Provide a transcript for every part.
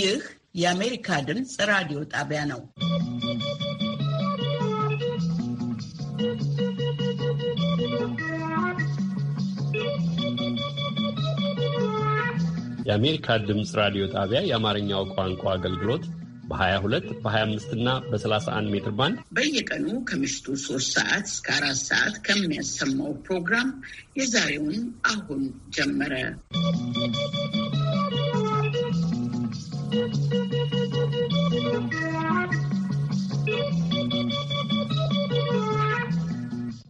ይህ የአሜሪካ ድምፅ ራዲዮ ጣቢያ ነው። የአሜሪካ ድምፅ ራዲዮ ጣቢያ የአማርኛው ቋንቋ አገልግሎት በ22 በ25 እና በ31 ሜትር ባንድ በየቀኑ ከምሽቱ 3 ሰዓት እስከ 4 ሰዓት ከሚያሰማው ፕሮግራም የዛሬውን አሁን ጀመረ።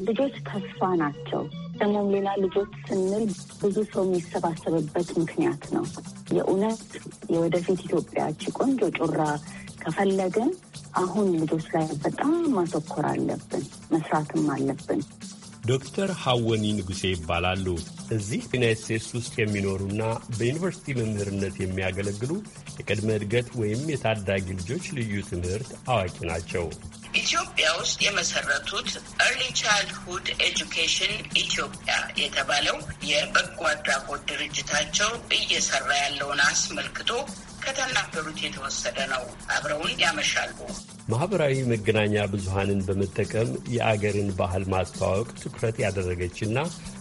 ልጆች ተስፋ ናቸው። ደግሞም ሌላ ልጆች ስንል ብዙ ሰው የሚሰባሰብበት ምክንያት ነው። የእውነት የወደፊት ኢትዮጵያች ቆንጆ ጮራ ከፈለግን አሁን ልጆች ላይ በጣም ማተኮር አለብን፣ መስራትም አለብን። ዶክተር ሐወኒ ንጉሴ ይባላሉ። እዚህ ዩናይት ስቴትስ ውስጥ የሚኖሩና በዩኒቨርሲቲ መምህርነት የሚያገለግሉ የቅድመ እድገት ወይም የታዳጊ ልጆች ልዩ ትምህርት አዋቂ ናቸው። ኢትዮጵያ ውስጥ የመሰረቱት ኤርሊ ቻይልድሁድ ኤጁኬሽን ኢትዮጵያ የተባለው የበጎ አድራጎት ድርጅታቸው እየሰራ ያለውን አስመልክቶ ከተናገሩት የተወሰደ ነው። አብረውን ያመሻሉ። ማኅበራዊ መገናኛ ብዙሃንን በመጠቀም የአገርን ባህል ማስተዋወቅ ትኩረት ያደረገችና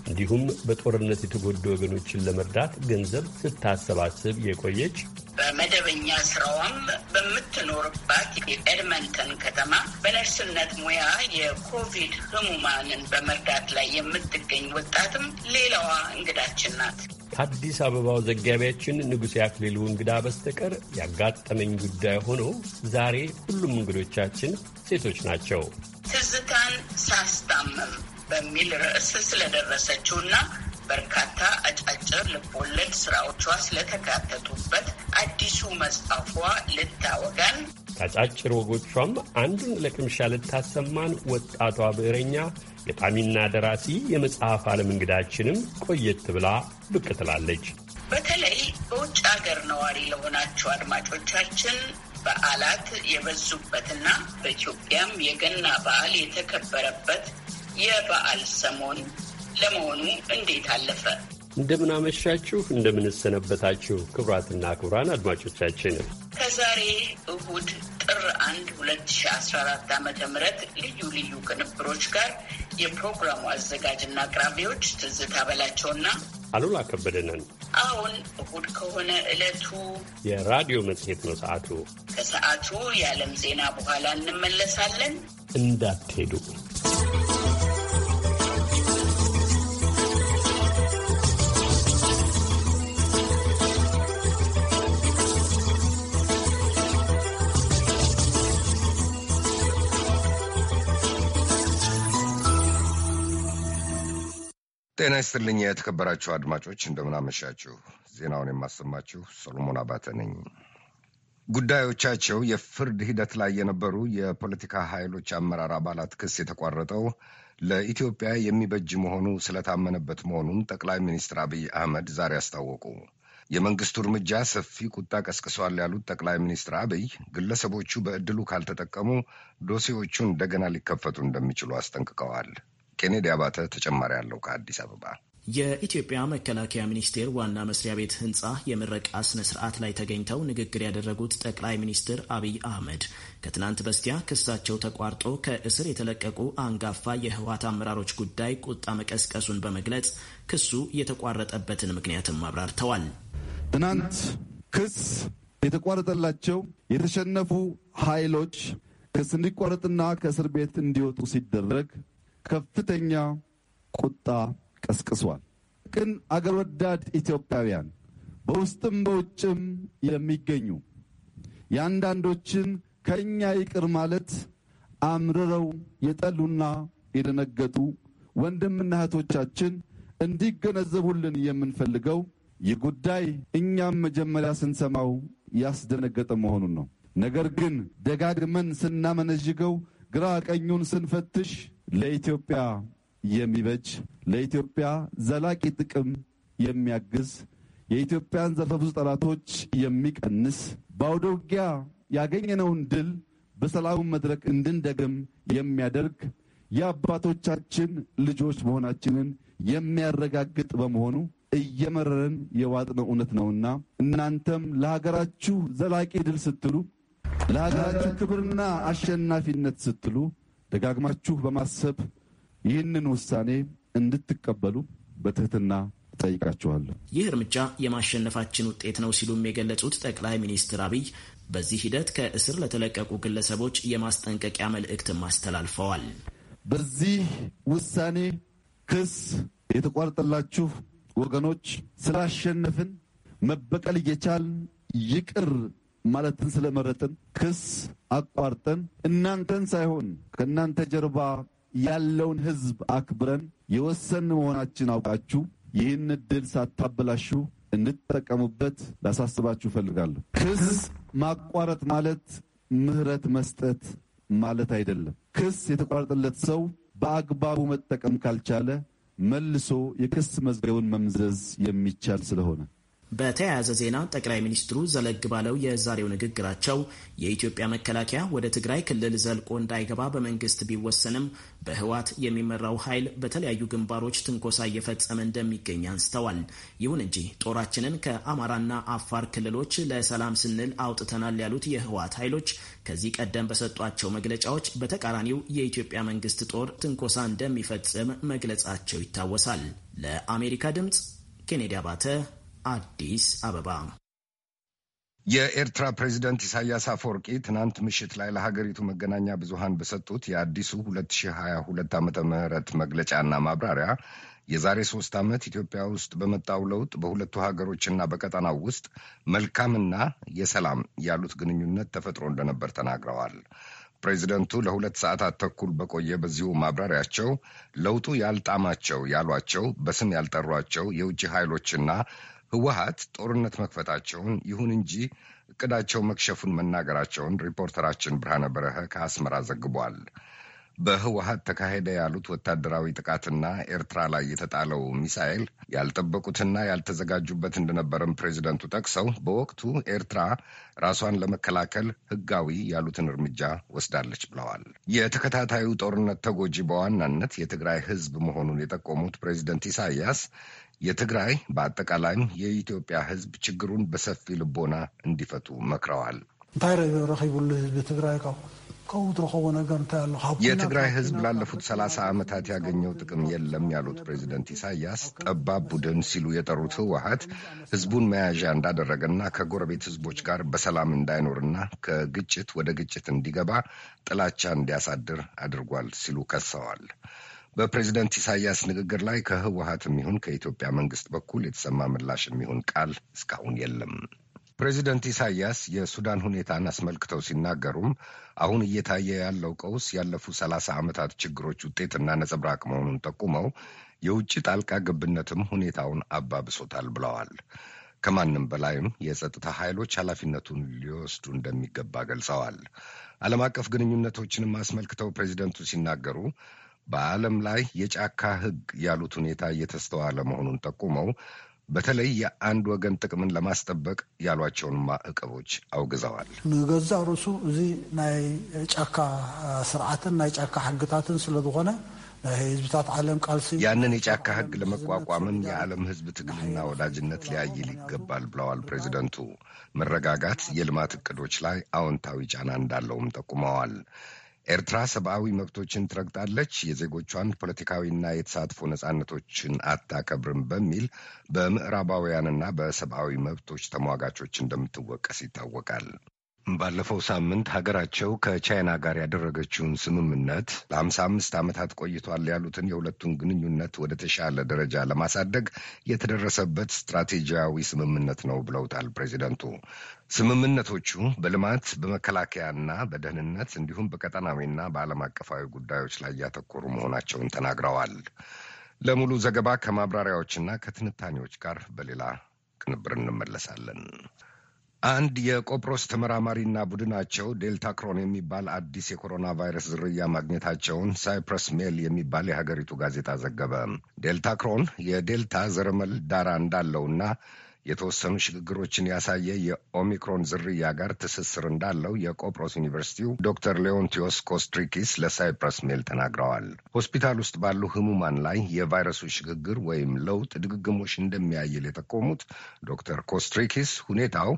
እንዲሁም በጦርነት የተጎዱ ወገኖችን ለመርዳት ገንዘብ ስታሰባስብ የቆየች በመደበኛ ስራዋም በምትኖርባት የኤድመንተን ከተማ በነርስነት ሙያ የኮቪድ ህሙማንን በመርዳት ላይ የምትገኝ ወጣትም ሌላዋ እንግዳችን ናት። ከአዲስ አበባው ዘጋቢያችን ንጉሴ አክሊሉ እንግዳ በስተቀር ያጋጠመኝ ጉዳይ ሆኖ ዛሬ ሁሉም እንግዶ እንግዶቻችን ሴቶች ናቸው። ትዝታን ሳስታምም በሚል ርዕስ ስለደረሰችውና በርካታ አጫጭር ልቦለድ ስራዎቿ ስለተካተቱበት አዲሱ መጽሐፏ ልታወጋን ከአጫጭር ወጎቿም አንዱን ለቅምሻ ልታሰማን ወጣቷ ብዕረኛ ገጣሚና ደራሲ የመጽሐፍ ዓለም እንግዳችንም ቆየት ብላ ብቅ ትላለች። በተለይ በውጭ አገር ነዋሪ ለሆናችሁ አድማጮቻችን በዓላት የበዙበትና በኢትዮጵያም የገና በዓል የተከበረበት የበዓል ሰሞን ለመሆኑ እንዴት አለፈ? እንደምን አመሻችሁ እንደምንሰነበታችሁ ክቡራትና ክቡራን አድማጮቻችን ከዛሬ እሁድ ጥር አንድ ሁለት ሺ አስራ አራት ልዩ ልዩ ቅንብሮች ጋር የፕሮግራሙ አዘጋጅና አቅራቢዎች ትዝታ በላቸውና አሉላ ከበደ ነን። አሁን እሁድ ከሆነ ዕለቱ የራዲዮ መጽሔት ነው። ሰዓቱ ከሰዓቱ የዓለም ዜና በኋላ እንመለሳለን። እንዳትሄዱ ጤና ይስጥልኝ የተከበራችሁ አድማጮች፣ እንደምናመሻችሁ። ዜናውን የማሰማችሁ ሰሎሞን አባተ ነኝ። ጉዳዮቻቸው የፍርድ ሂደት ላይ የነበሩ የፖለቲካ ኃይሎች አመራር አባላት ክስ የተቋረጠው ለኢትዮጵያ የሚበጅ መሆኑ ስለታመነበት መሆኑን ጠቅላይ ሚኒስትር አብይ አህመድ ዛሬ አስታወቁ። የመንግስቱ እርምጃ ሰፊ ቁጣ ቀስቅሷል ያሉት ጠቅላይ ሚኒስትር አብይ ግለሰቦቹ በእድሉ ካልተጠቀሙ ዶሴዎቹ እንደገና ሊከፈቱ እንደሚችሉ አስጠንቅቀዋል። ኬኔዲ አባተ ተጨማሪ አለው ከአዲስ አበባ። የኢትዮጵያ መከላከያ ሚኒስቴር ዋና መስሪያ ቤት ህንፃ የምረቃ ስነ ስርዓት ላይ ተገኝተው ንግግር ያደረጉት ጠቅላይ ሚኒስትር አብይ አህመድ ከትናንት በስቲያ ክሳቸው ተቋርጦ ከእስር የተለቀቁ አንጋፋ የህወሓት አመራሮች ጉዳይ ቁጣ መቀስቀሱን በመግለጽ ክሱ የተቋረጠበትን ምክንያትም አብራርተዋል። ትናንት ክስ የተቋረጠላቸው የተሸነፉ ኃይሎች ክስ እንዲቋረጥና ከእስር ቤት እንዲወጡ ሲደረግ ከፍተኛ ቁጣ ቀስቅሷል። ግን አገር ወዳድ ኢትዮጵያውያን በውስጥም በውጭም የሚገኙ የአንዳንዶችን ከእኛ ይቅር ማለት አምርረው የጠሉና የደነገጡ ወንድምና እህቶቻችን እንዲገነዘቡልን የምንፈልገው ይህ ጉዳይ እኛም መጀመሪያ ስንሰማው ያስደነገጠ መሆኑን ነው። ነገር ግን ደጋግመን ስናመነዥገው፣ ግራ ቀኙን ስንፈትሽ ለኢትዮጵያ የሚበጅ ለኢትዮጵያ ዘላቂ ጥቅም የሚያግዝ የኢትዮጵያን ዘርፈ ብዙ ጠላቶች የሚቀንስ በአውደ ውጊያ ያገኘነውን ድል በሰላሙ መድረክ እንድንደግም የሚያደርግ የአባቶቻችን ልጆች መሆናችንን የሚያረጋግጥ በመሆኑ እየመረረን የዋጥነው እውነት ነውና እናንተም ለሀገራችሁ ዘላቂ ድል ስትሉ፣ ለሀገራችሁ ክብርና አሸናፊነት ስትሉ ደጋግማችሁ በማሰብ ይህንን ውሳኔ እንድትቀበሉ በትህትና ጠይቃችኋለሁ። ይህ እርምጃ የማሸነፋችን ውጤት ነው ሲሉም የገለጹት ጠቅላይ ሚኒስትር አብይ በዚህ ሂደት ከእስር ለተለቀቁ ግለሰቦች የማስጠንቀቂያ መልእክትም አስተላልፈዋል። በዚህ ውሳኔ ክስ የተቋረጠላችሁ ወገኖች ስላሸነፍን መበቀል እየቻል ይቅር ማለትን ስለመረጥን ክስ አቋርጠን እናንተን ሳይሆን ከእናንተ ጀርባ ያለውን ህዝብ አክብረን የወሰን መሆናችን አውቃችሁ ይህን እድል ሳታበላሹ እንድትጠቀሙበት ላሳስባችሁ እፈልጋለሁ። ክስ ማቋረጥ ማለት ምህረት መስጠት ማለት አይደለም። ክስ የተቋረጠለት ሰው በአግባቡ መጠቀም ካልቻለ መልሶ የክስ መዝገቡን መምዘዝ የሚቻል ስለሆነ በተያያዘ ዜና ጠቅላይ ሚኒስትሩ ዘለግ ባለው የዛሬው ንግግራቸው የኢትዮጵያ መከላከያ ወደ ትግራይ ክልል ዘልቆ እንዳይገባ በመንግስት ቢወሰንም በህወሓት የሚመራው ኃይል በተለያዩ ግንባሮች ትንኮሳ እየፈጸመ እንደሚገኝ አንስተዋል። ይሁን እንጂ ጦራችንን ከአማራና አፋር ክልሎች ለሰላም ስንል አውጥተናል ያሉት የህወሓት ኃይሎች ከዚህ ቀደም በሰጧቸው መግለጫዎች በተቃራኒው የኢትዮጵያ መንግስት ጦር ትንኮሳ እንደሚፈጽም መግለጻቸው ይታወሳል። ለአሜሪካ ድምፅ ኬኔዲ አባተ አዲስ አበባ የኤርትራ ፕሬዚደንት ኢሳያስ አፈወርቂ ትናንት ምሽት ላይ ለሀገሪቱ መገናኛ ብዙሃን በሰጡት የአዲሱ 2022 ዓ ምህረት መግለጫና ማብራሪያ የዛሬ ሶስት ዓመት ኢትዮጵያ ውስጥ በመጣው ለውጥ በሁለቱ ሀገሮችና በቀጠናው ውስጥ መልካምና የሰላም ያሉት ግንኙነት ተፈጥሮ እንደነበር ተናግረዋል። ፕሬዚደንቱ ለሁለት ሰዓታት ተኩል በቆየ በዚሁ ማብራሪያቸው ለውጡ ያልጣማቸው ያሏቸው በስም ያልጠሯቸው የውጭ ኃይሎችና ህወሀት ጦርነት መክፈታቸውን ይሁን እንጂ እቅዳቸው መክሸፉን መናገራቸውን ሪፖርተራችን ብርሃነ በረኸ ከአስመራ ዘግቧል። በህወሀት ተካሄደ ያሉት ወታደራዊ ጥቃትና ኤርትራ ላይ የተጣለው ሚሳኤል ያልጠበቁትና ያልተዘጋጁበት እንደነበረም ፕሬዚደንቱ ጠቅሰው በወቅቱ ኤርትራ ራሷን ለመከላከል ህጋዊ ያሉትን እርምጃ ወስዳለች ብለዋል። የተከታታዩ ጦርነት ተጎጂ በዋናነት የትግራይ ህዝብ መሆኑን የጠቆሙት ፕሬዚደንት ኢሳያስ የትግራይ በአጠቃላይም የኢትዮጵያ ህዝብ ችግሩን በሰፊ ልቦና እንዲፈቱ መክረዋል። የትግራይ ህዝብ ላለፉት ሰላሳ ዓመታት ያገኘው ጥቅም የለም ያሉት ፕሬዚደንት ኢሳያስ ጠባብ ቡድን ሲሉ የጠሩት ህወሀት ህዝቡን መያዣ እንዳደረገና ከጎረቤት ህዝቦች ጋር በሰላም እንዳይኖርና ከግጭት ወደ ግጭት እንዲገባ ጥላቻ እንዲያሳድር አድርጓል ሲሉ ከሰዋል። በፕሬዚደንት ኢሳያስ ንግግር ላይ ከህወሀትም ይሁን ከኢትዮጵያ መንግስት በኩል የተሰማ ምላሽ የሚሆን ቃል እስካሁን የለም። ፕሬዚደንት ኢሳያስ የሱዳን ሁኔታን አስመልክተው ሲናገሩም አሁን እየታየ ያለው ቀውስ ያለፉ ሰላሳ ዓመታት ችግሮች ውጤትና ነጸብራቅ መሆኑን ጠቁመው የውጭ ጣልቃ ገብነትም ሁኔታውን አባብሶታል ብለዋል። ከማንም በላይም የጸጥታ ኃይሎች ኃላፊነቱን ሊወስዱ እንደሚገባ ገልጸዋል። ዓለም አቀፍ ግንኙነቶችንም አስመልክተው ፕሬዚደንቱ ሲናገሩ በዓለም ላይ የጫካ ሕግ ያሉት ሁኔታ እየተስተዋለ መሆኑን ጠቁመው በተለይ የአንድ ወገን ጥቅምን ለማስጠበቅ ያሏቸውን ማዕቀቦች አውግዘዋል። ንገዛ ርእሱ እዚ ናይ ጫካ ስርዓትን ናይ ጫካ ሕግታትን ስለዝኾነ ህዝብታት ዓለም ቃልሲ ያንን የጫካ ህግ ለመቋቋምም የዓለም ህዝብ ትግልና ወዳጅነት ሊያይል ይገባል ብለዋል ፕሬዚደንቱ። መረጋጋት የልማት እቅዶች ላይ አዎንታዊ ጫና እንዳለውም ጠቁመዋል። ኤርትራ ሰብአዊ መብቶችን ትረግጣለች፣ የዜጎቿን ፖለቲካዊና የተሳትፎ ነጻነቶችን አታከብርም በሚል በምዕራባውያንና በሰብአዊ መብቶች ተሟጋቾች እንደምትወቀስ ይታወቃል። ባለፈው ሳምንት ሀገራቸው ከቻይና ጋር ያደረገችውን ስምምነት ለሀምሳ አምስት ዓመታት ቆይቷል ያሉትን የሁለቱን ግንኙነት ወደ ተሻለ ደረጃ ለማሳደግ የተደረሰበት ስትራቴጂያዊ ስምምነት ነው ብለውታል ፕሬዚደንቱ። ስምምነቶቹ በልማት በመከላከያና በደህንነት እንዲሁም በቀጠናዊና በዓለም አቀፋዊ ጉዳዮች ላይ ያተኮሩ መሆናቸውን ተናግረዋል። ለሙሉ ዘገባ ከማብራሪያዎችና ከትንታኔዎች ጋር በሌላ ቅንብር እንመለሳለን። አንድ የቆጵሮስ ተመራማሪና ቡድናቸው ዴልታ ክሮን የሚባል አዲስ የኮሮና ቫይረስ ዝርያ ማግኘታቸውን ሳይፕረስ ሜል የሚባል የሀገሪቱ ጋዜጣ ዘገበ። ዴልታ ክሮን የዴልታ ዘረመል ዳራ እንዳለውና የተወሰኑ ሽግግሮችን ያሳየ የኦሚክሮን ዝርያ ጋር ትስስር እንዳለው የቆጵሮስ ዩኒቨርሲቲው ዶክተር ሌዎንቲዮስ ኮስትሪኪስ ለሳይፕረስ ሜል ተናግረዋል። ሆስፒታል ውስጥ ባሉ ህሙማን ላይ የቫይረሱ ሽግግር ወይም ለውጥ ድግግሞሽ እንደሚያይል የጠቆሙት ዶክተር ኮስትሪኪስ ሁኔታው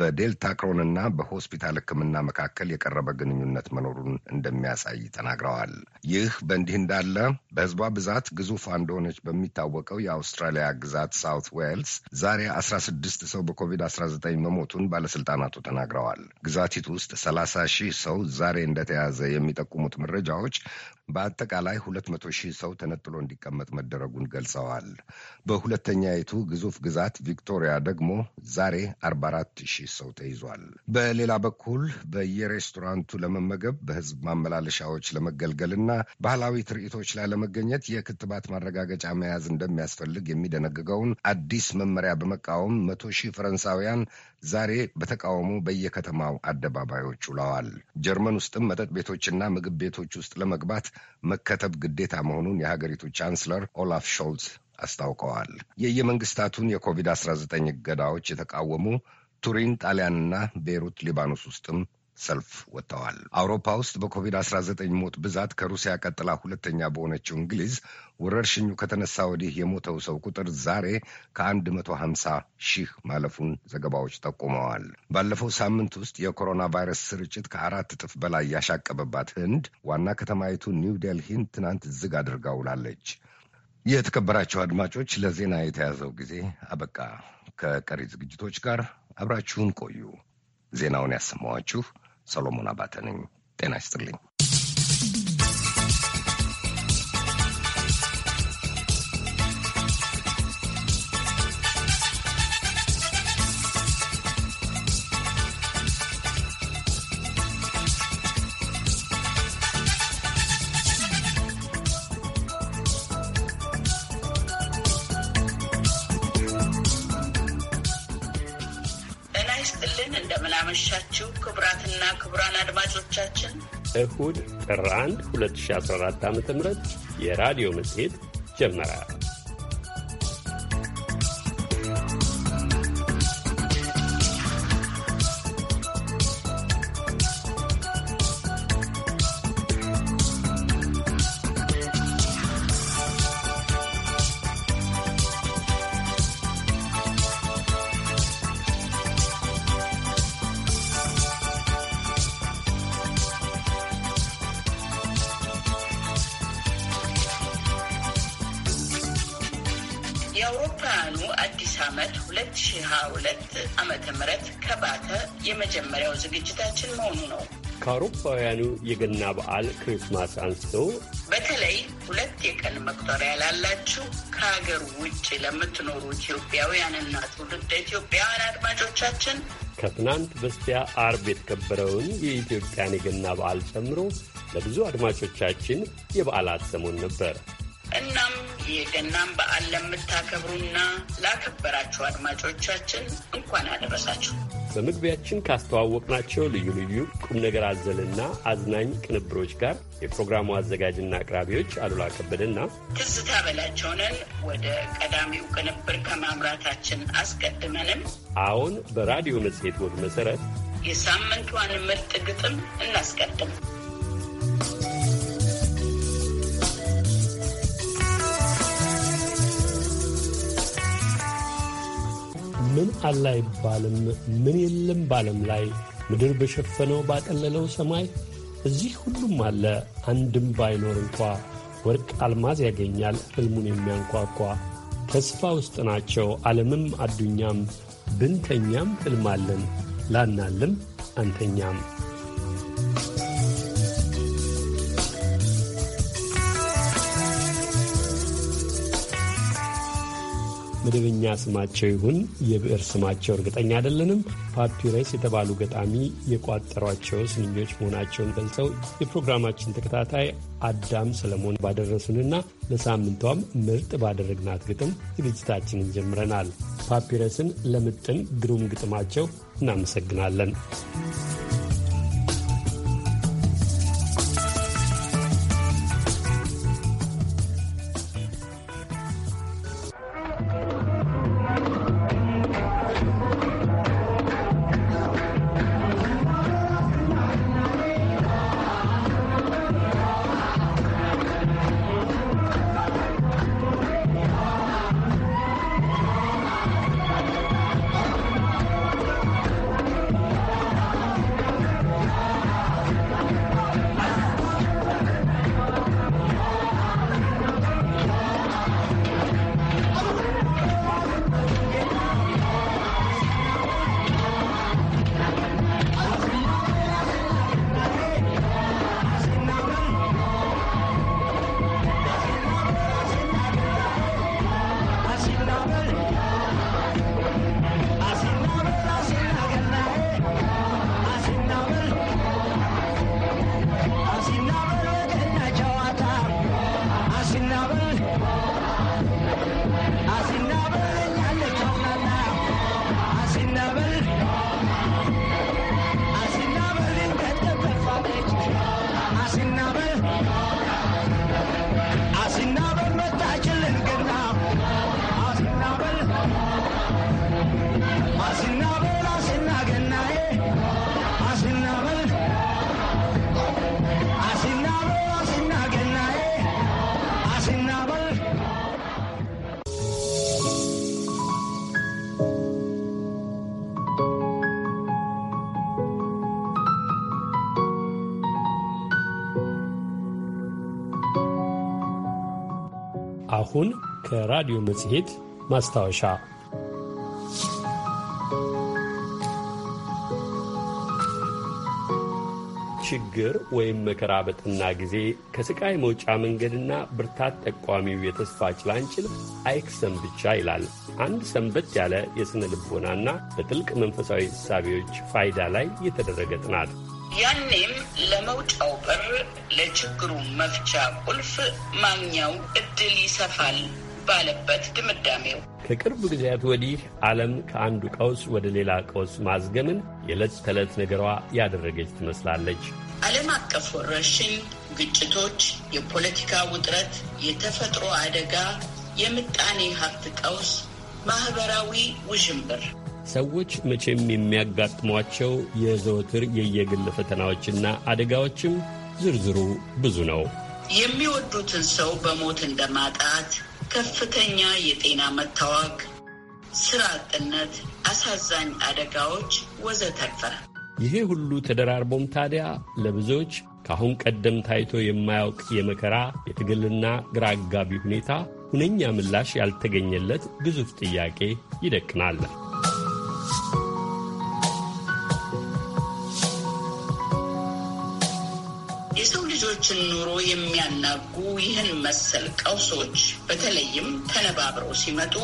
በዴልታ ክሮንና በሆስፒታል ሕክምና መካከል የቀረበ ግንኙነት መኖሩን እንደሚያሳይ ተናግረዋል። ይህ በእንዲህ እንዳለ በህዝቧ ብዛት ግዙፍ እንደሆነች በሚታወቀው የአውስትራሊያ ግዛት ሳውት ዌልስ ዛሬ 16 ሰው በኮቪድ-19 መሞቱን ባለስልጣናቱ ተናግረዋል። ግዛቲቱ ውስጥ 30 ሺህ ሰው ዛሬ እንደተያዘ የሚጠቁሙት መረጃዎች በአጠቃላይ 200 ሺህ ሰው ተነጥሎ እንዲቀመጥ መደረጉን ገልጸዋል። በሁለተኛይቱ ግዙፍ ግዛት ቪክቶሪያ ደግሞ ዛሬ 44 ሺህ ሰው ተይዟል። በሌላ በኩል በየሬስቶራንቱ ለመመገብ በህዝብ ማመላለሻዎች ለመገልገልና ባህላዊ ትርኢቶች ላይ ለመገኘት የክትባት ማረጋገጫ መያዝ እንደሚያስፈልግ የሚደነግገውን አዲስ መመሪያ በመቃወም መቶ ሺህ ፈረንሳውያን ዛሬ በተቃውሞ በየከተማው አደባባዮች ውለዋል። ጀርመን ውስጥም መጠጥ ቤቶችና ምግብ ቤቶች ውስጥ ለመግባት መከተብ ግዴታ መሆኑን የሀገሪቱ ቻንስለር ኦላፍ ሾልዝ አስታውቀዋል። የየመንግስታቱን የኮቪድ-19 እገዳዎች የተቃወሙ ቱሪን ጣሊያንና ቤይሩት ሊባኖስ ውስጥም ሰልፍ ወጥተዋል። አውሮፓ ውስጥ በኮቪድ-19 ሞት ብዛት ከሩሲያ ቀጥላ ሁለተኛ በሆነችው እንግሊዝ ወረርሽኙ ከተነሳ ወዲህ የሞተው ሰው ቁጥር ዛሬ ከ150 ሺህ ማለፉን ዘገባዎች ጠቁመዋል። ባለፈው ሳምንት ውስጥ የኮሮና ቫይረስ ስርጭት ከአራት እጥፍ በላይ ያሻቀበባት ህንድ ዋና ከተማይቱ ኒው ዴልሂን ትናንት ዝግ አድርጋ ውላለች። የተከበራቸው አድማጮች ለዜና የተያዘው ጊዜ አበቃ። ከቀሪ ዝግጅቶች ጋር አብራችሁን ቆዩ። ዜናውን ያሰማኋችሁ ሰሎሞን አባተ ነኝ። ጤና ይስጥልኝ። እሁድ ጥር 1 2014 ዓ ም የራዲዮ መጽሔት ጀመራል። ከአውሮፓውያኑ የገና በዓል ክሪስማስ አንስቶ በተለይ ሁለት የቀን መቁጠሪያ ላላችሁ ከሀገር ውጭ ለምትኖሩ ኢትዮጵያውያንና ትውልደ ኢትዮጵያውያን አድማጮቻችን ከትናንት በስቲያ አርብ የተከበረውን የኢትዮጵያን የገና በዓል ጨምሮ ለብዙ አድማጮቻችን የበዓላት ሰሞን ነበር። እናም የገናን በዓል ለምታከብሩና ላከበራችሁ አድማጮቻችን እንኳን አደረሳችሁ። በመግቢያችን ካስተዋወቅናቸው ልዩ ልዩ ቁም ነገር አዘልና አዝናኝ ቅንብሮች ጋር የፕሮግራሙ አዘጋጅና አቅራቢዎች አሉላ ከበደና ትዝታ በላቸውንን ወደ ቀዳሚው ቅንብር ከማምራታችን አስቀድመንም አሁን በራዲዮ መጽሔት ወግ መሠረት የሳምንቷን ምርጥ ግጥም እናስቀድም። ምን አለ አይባልም፣ ምን የለም በዓለም ላይ ምድር በሸፈነው ባጠለለው ሰማይ እዚህ ሁሉም አለ አንድም ባይኖር እንኳ ወርቅ አልማዝ ያገኛል ሕልሙን የሚያንኳኳ ተስፋ ውስጥ ናቸው ዓለምም አዱኛም ብንተኛም ሕልማለን ላናልም አንተኛም መደበኛ ስማቸው ይሁን የብዕር ስማቸው እርግጠኛ አይደለንም፣ ፓፒረስ የተባሉ ገጣሚ የቋጠሯቸው ስንኞች መሆናቸውን ገልጸው የፕሮግራማችን ተከታታይ አዳም ሰለሞን ባደረሱንና ለሳምንቷም ምርጥ ባደረግናት ግጥም ዝግጅታችንን ጀምረናል። ፓፒረስን ለምጥን ግሩም ግጥማቸው እናመሰግናለን። ከራዲዮ መጽሔት ማስታወሻ ችግር ወይም መከራ በጠና ጊዜ ከስቃይ መውጫ መንገድና ብርታት ጠቋሚው የተስፋ ጭላንጭል አይክሰም ብቻ ይላል አንድ ሰንበት ያለ የሥነ ልቦናና በጥልቅ መንፈሳዊ እሳቤዎች ፋይዳ ላይ የተደረገ ጥናት። ያኔም ለመውጫው በር ለችግሩ መፍቻ ቁልፍ ማግኛው እድል ይሰፋል ባለበት ድምዳሜው ከቅርብ ጊዜያት ወዲህ ዓለም ከአንዱ ቀውስ ወደ ሌላ ቀውስ ማዝገምን የዕለት ተዕለት ነገሯ ያደረገች ትመስላለች። ዓለም አቀፍ ወረርሽኝ፣ ግጭቶች፣ የፖለቲካ ውጥረት፣ የተፈጥሮ አደጋ፣ የምጣኔ ሀብት ቀውስ፣ ማኅበራዊ ውዥንብር ሰዎች መቼም የሚያጋጥሟቸው የዘወትር የየግል ፈተናዎችና አደጋዎችም ዝርዝሩ ብዙ ነው። የሚወዱትን ሰው በሞት እንደማጣት ከፍተኛ የጤና መታወክ፣ ስራ አጥነት፣ አሳዛኝ አደጋዎች ወዘተርፈ። ይሄ ሁሉ ተደራርቦም ታዲያ ለብዙዎች ከአሁን ቀደም ታይቶ የማያውቅ የመከራ የትግልና ግራ አጋቢ ሁኔታ ሁነኛ ምላሽ ያልተገኘለት ግዙፍ ጥያቄ ይደቅናል። የዜጎችን ኑሮ የሚያናጉ ይህን መሰል ቀውሶች በተለይም ተነባብረው ሲመጡ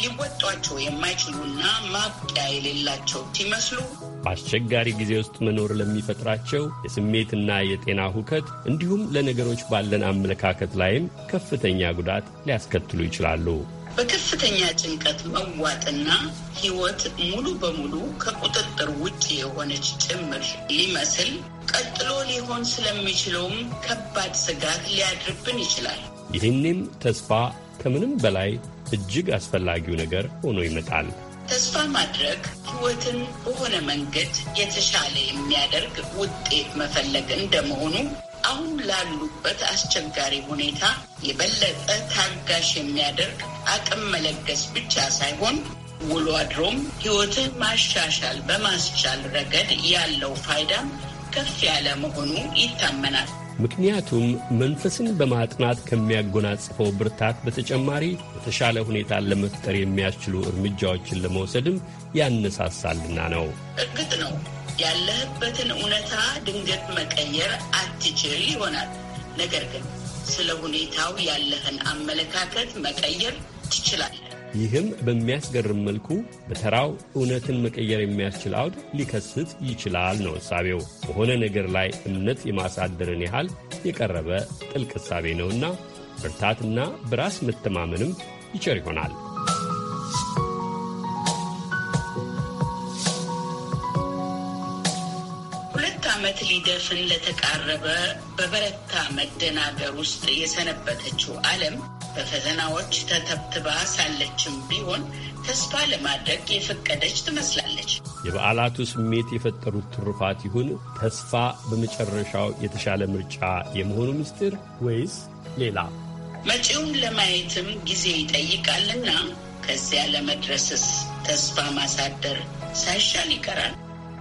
ሊወጧቸው የማይችሉና ማብቂያ የሌላቸው ሲመስሉ በአስቸጋሪ ጊዜ ውስጥ መኖር ለሚፈጥራቸው የስሜትና የጤና ሁከት እንዲሁም ለነገሮች ባለን አመለካከት ላይም ከፍተኛ ጉዳት ሊያስከትሉ ይችላሉ። በከፍተኛ ጭንቀት መዋጥና ህይወት ሙሉ በሙሉ ከቁጥጥር ውጭ የሆነች ጭምር ሊመስል ቀጥሎ ሊሆን ስለሚችለውም ከባድ ስጋት ሊያድርብን ይችላል። ይህኔም ተስፋ ከምንም በላይ እጅግ አስፈላጊው ነገር ሆኖ ይመጣል። ተስፋ ማድረግ ህይወትን በሆነ መንገድ የተሻለ የሚያደርግ ውጤት መፈለግ እንደመሆኑ አሁን ላሉበት አስቸጋሪ ሁኔታ የበለጠ ታጋሽ የሚያደርግ አቅም መለገስ ብቻ ሳይሆን ውሎ አድሮም ሕይወትን ማሻሻል በማስቻል ረገድ ያለው ፋይዳም ከፍ ያለ መሆኑ ይታመናል። ምክንያቱም መንፈስን በማጥናት ከሚያጎናጽፈው ብርታት በተጨማሪ የተሻለ ሁኔታን ለመፍጠር የሚያስችሉ እርምጃዎችን ለመውሰድም ያነሳሳልና ነው። እርግጥ ነው ያለህበትን እውነታ ድንገት መቀየር አትችል ይሆናል። ነገር ግን ስለ ሁኔታው ያለህን አመለካከት መቀየር ትችላለህ። ይህም በሚያስገርም መልኩ በተራው እውነትን መቀየር የሚያስችል አውድ ሊከስት ይችላል ነው እሳቤው። በሆነ ነገር ላይ እምነት የማሳደርን ያህል የቀረበ ጥልቅ እሳቤ ነውና ብርታትና በራስ መተማመንም ይቸር ይሆናል። እውቀት ሊደፍን ለተቃረበ በበረታ መደናገር ውስጥ የሰነበተችው ዓለም በፈተናዎች ተተብትባ ሳለችም ቢሆን ተስፋ ለማድረግ የፈቀደች ትመስላለች። የበዓላቱ ስሜት የፈጠሩት ትሩፋት ይሁን ተስፋ በመጨረሻው የተሻለ ምርጫ የመሆኑ ምስጢር ወይስ ሌላ መጪውን ለማየትም ጊዜ ይጠይቃልና ከዚያ ለመድረስስ ተስፋ ማሳደር ሳይሻል ይቀራል።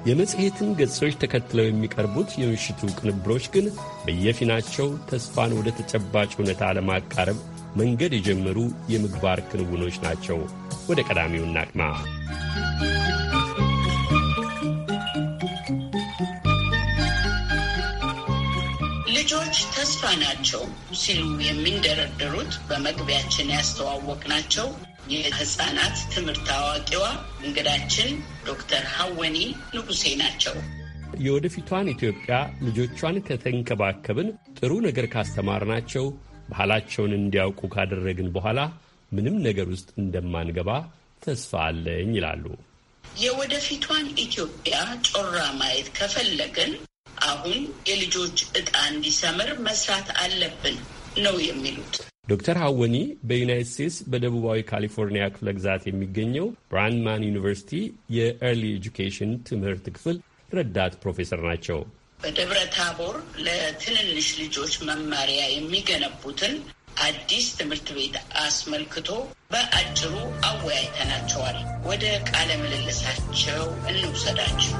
የመጽሔትን ገጾች ተከትለው የሚቀርቡት የምሽቱ ቅንብሮች ግን በየፊናቸው ተስፋን ወደ ተጨባጭ እውነታ ለማቃረብ መንገድ የጀመሩ የምግባር ክንውኖች ናቸው። ወደ ቀዳሚው እናቅና። ልጆች ተስፋ ናቸው ሲሉ የሚንደረደሩት በመግቢያችን ያስተዋወቅ ናቸው። የህጻናት ትምህርት አዋቂዋ እንግዳችን ዶክተር ሀወኒ ንጉሴ ናቸው። የወደፊቷን ኢትዮጵያ ልጆቿን ከተንከባከብን፣ ጥሩ ነገር ካስተማርናቸው፣ ባህላቸውን እንዲያውቁ ካደረግን በኋላ ምንም ነገር ውስጥ እንደማንገባ ተስፋ አለኝ ይላሉ። የወደፊቷን ኢትዮጵያ ጮራ ማየት ከፈለግን አሁን የልጆች ዕጣ እንዲሰምር መስራት አለብን ነው የሚሉት። ዶክተር ሀወኒ በዩናይት ስቴትስ በደቡባዊ ካሊፎርኒያ ክፍለ ግዛት የሚገኘው ብራንድማን ዩኒቨርሲቲ የኤርሊ ኤጁኬሽን ትምህርት ክፍል ረዳት ፕሮፌሰር ናቸው። በደብረ ታቦር ለትንንሽ ልጆች መማሪያ የሚገነቡትን አዲስ ትምህርት ቤት አስመልክቶ በአጭሩ አወያይተናቸዋል። ወደ ቃለ ምልልሳቸው እንውሰዳቸው።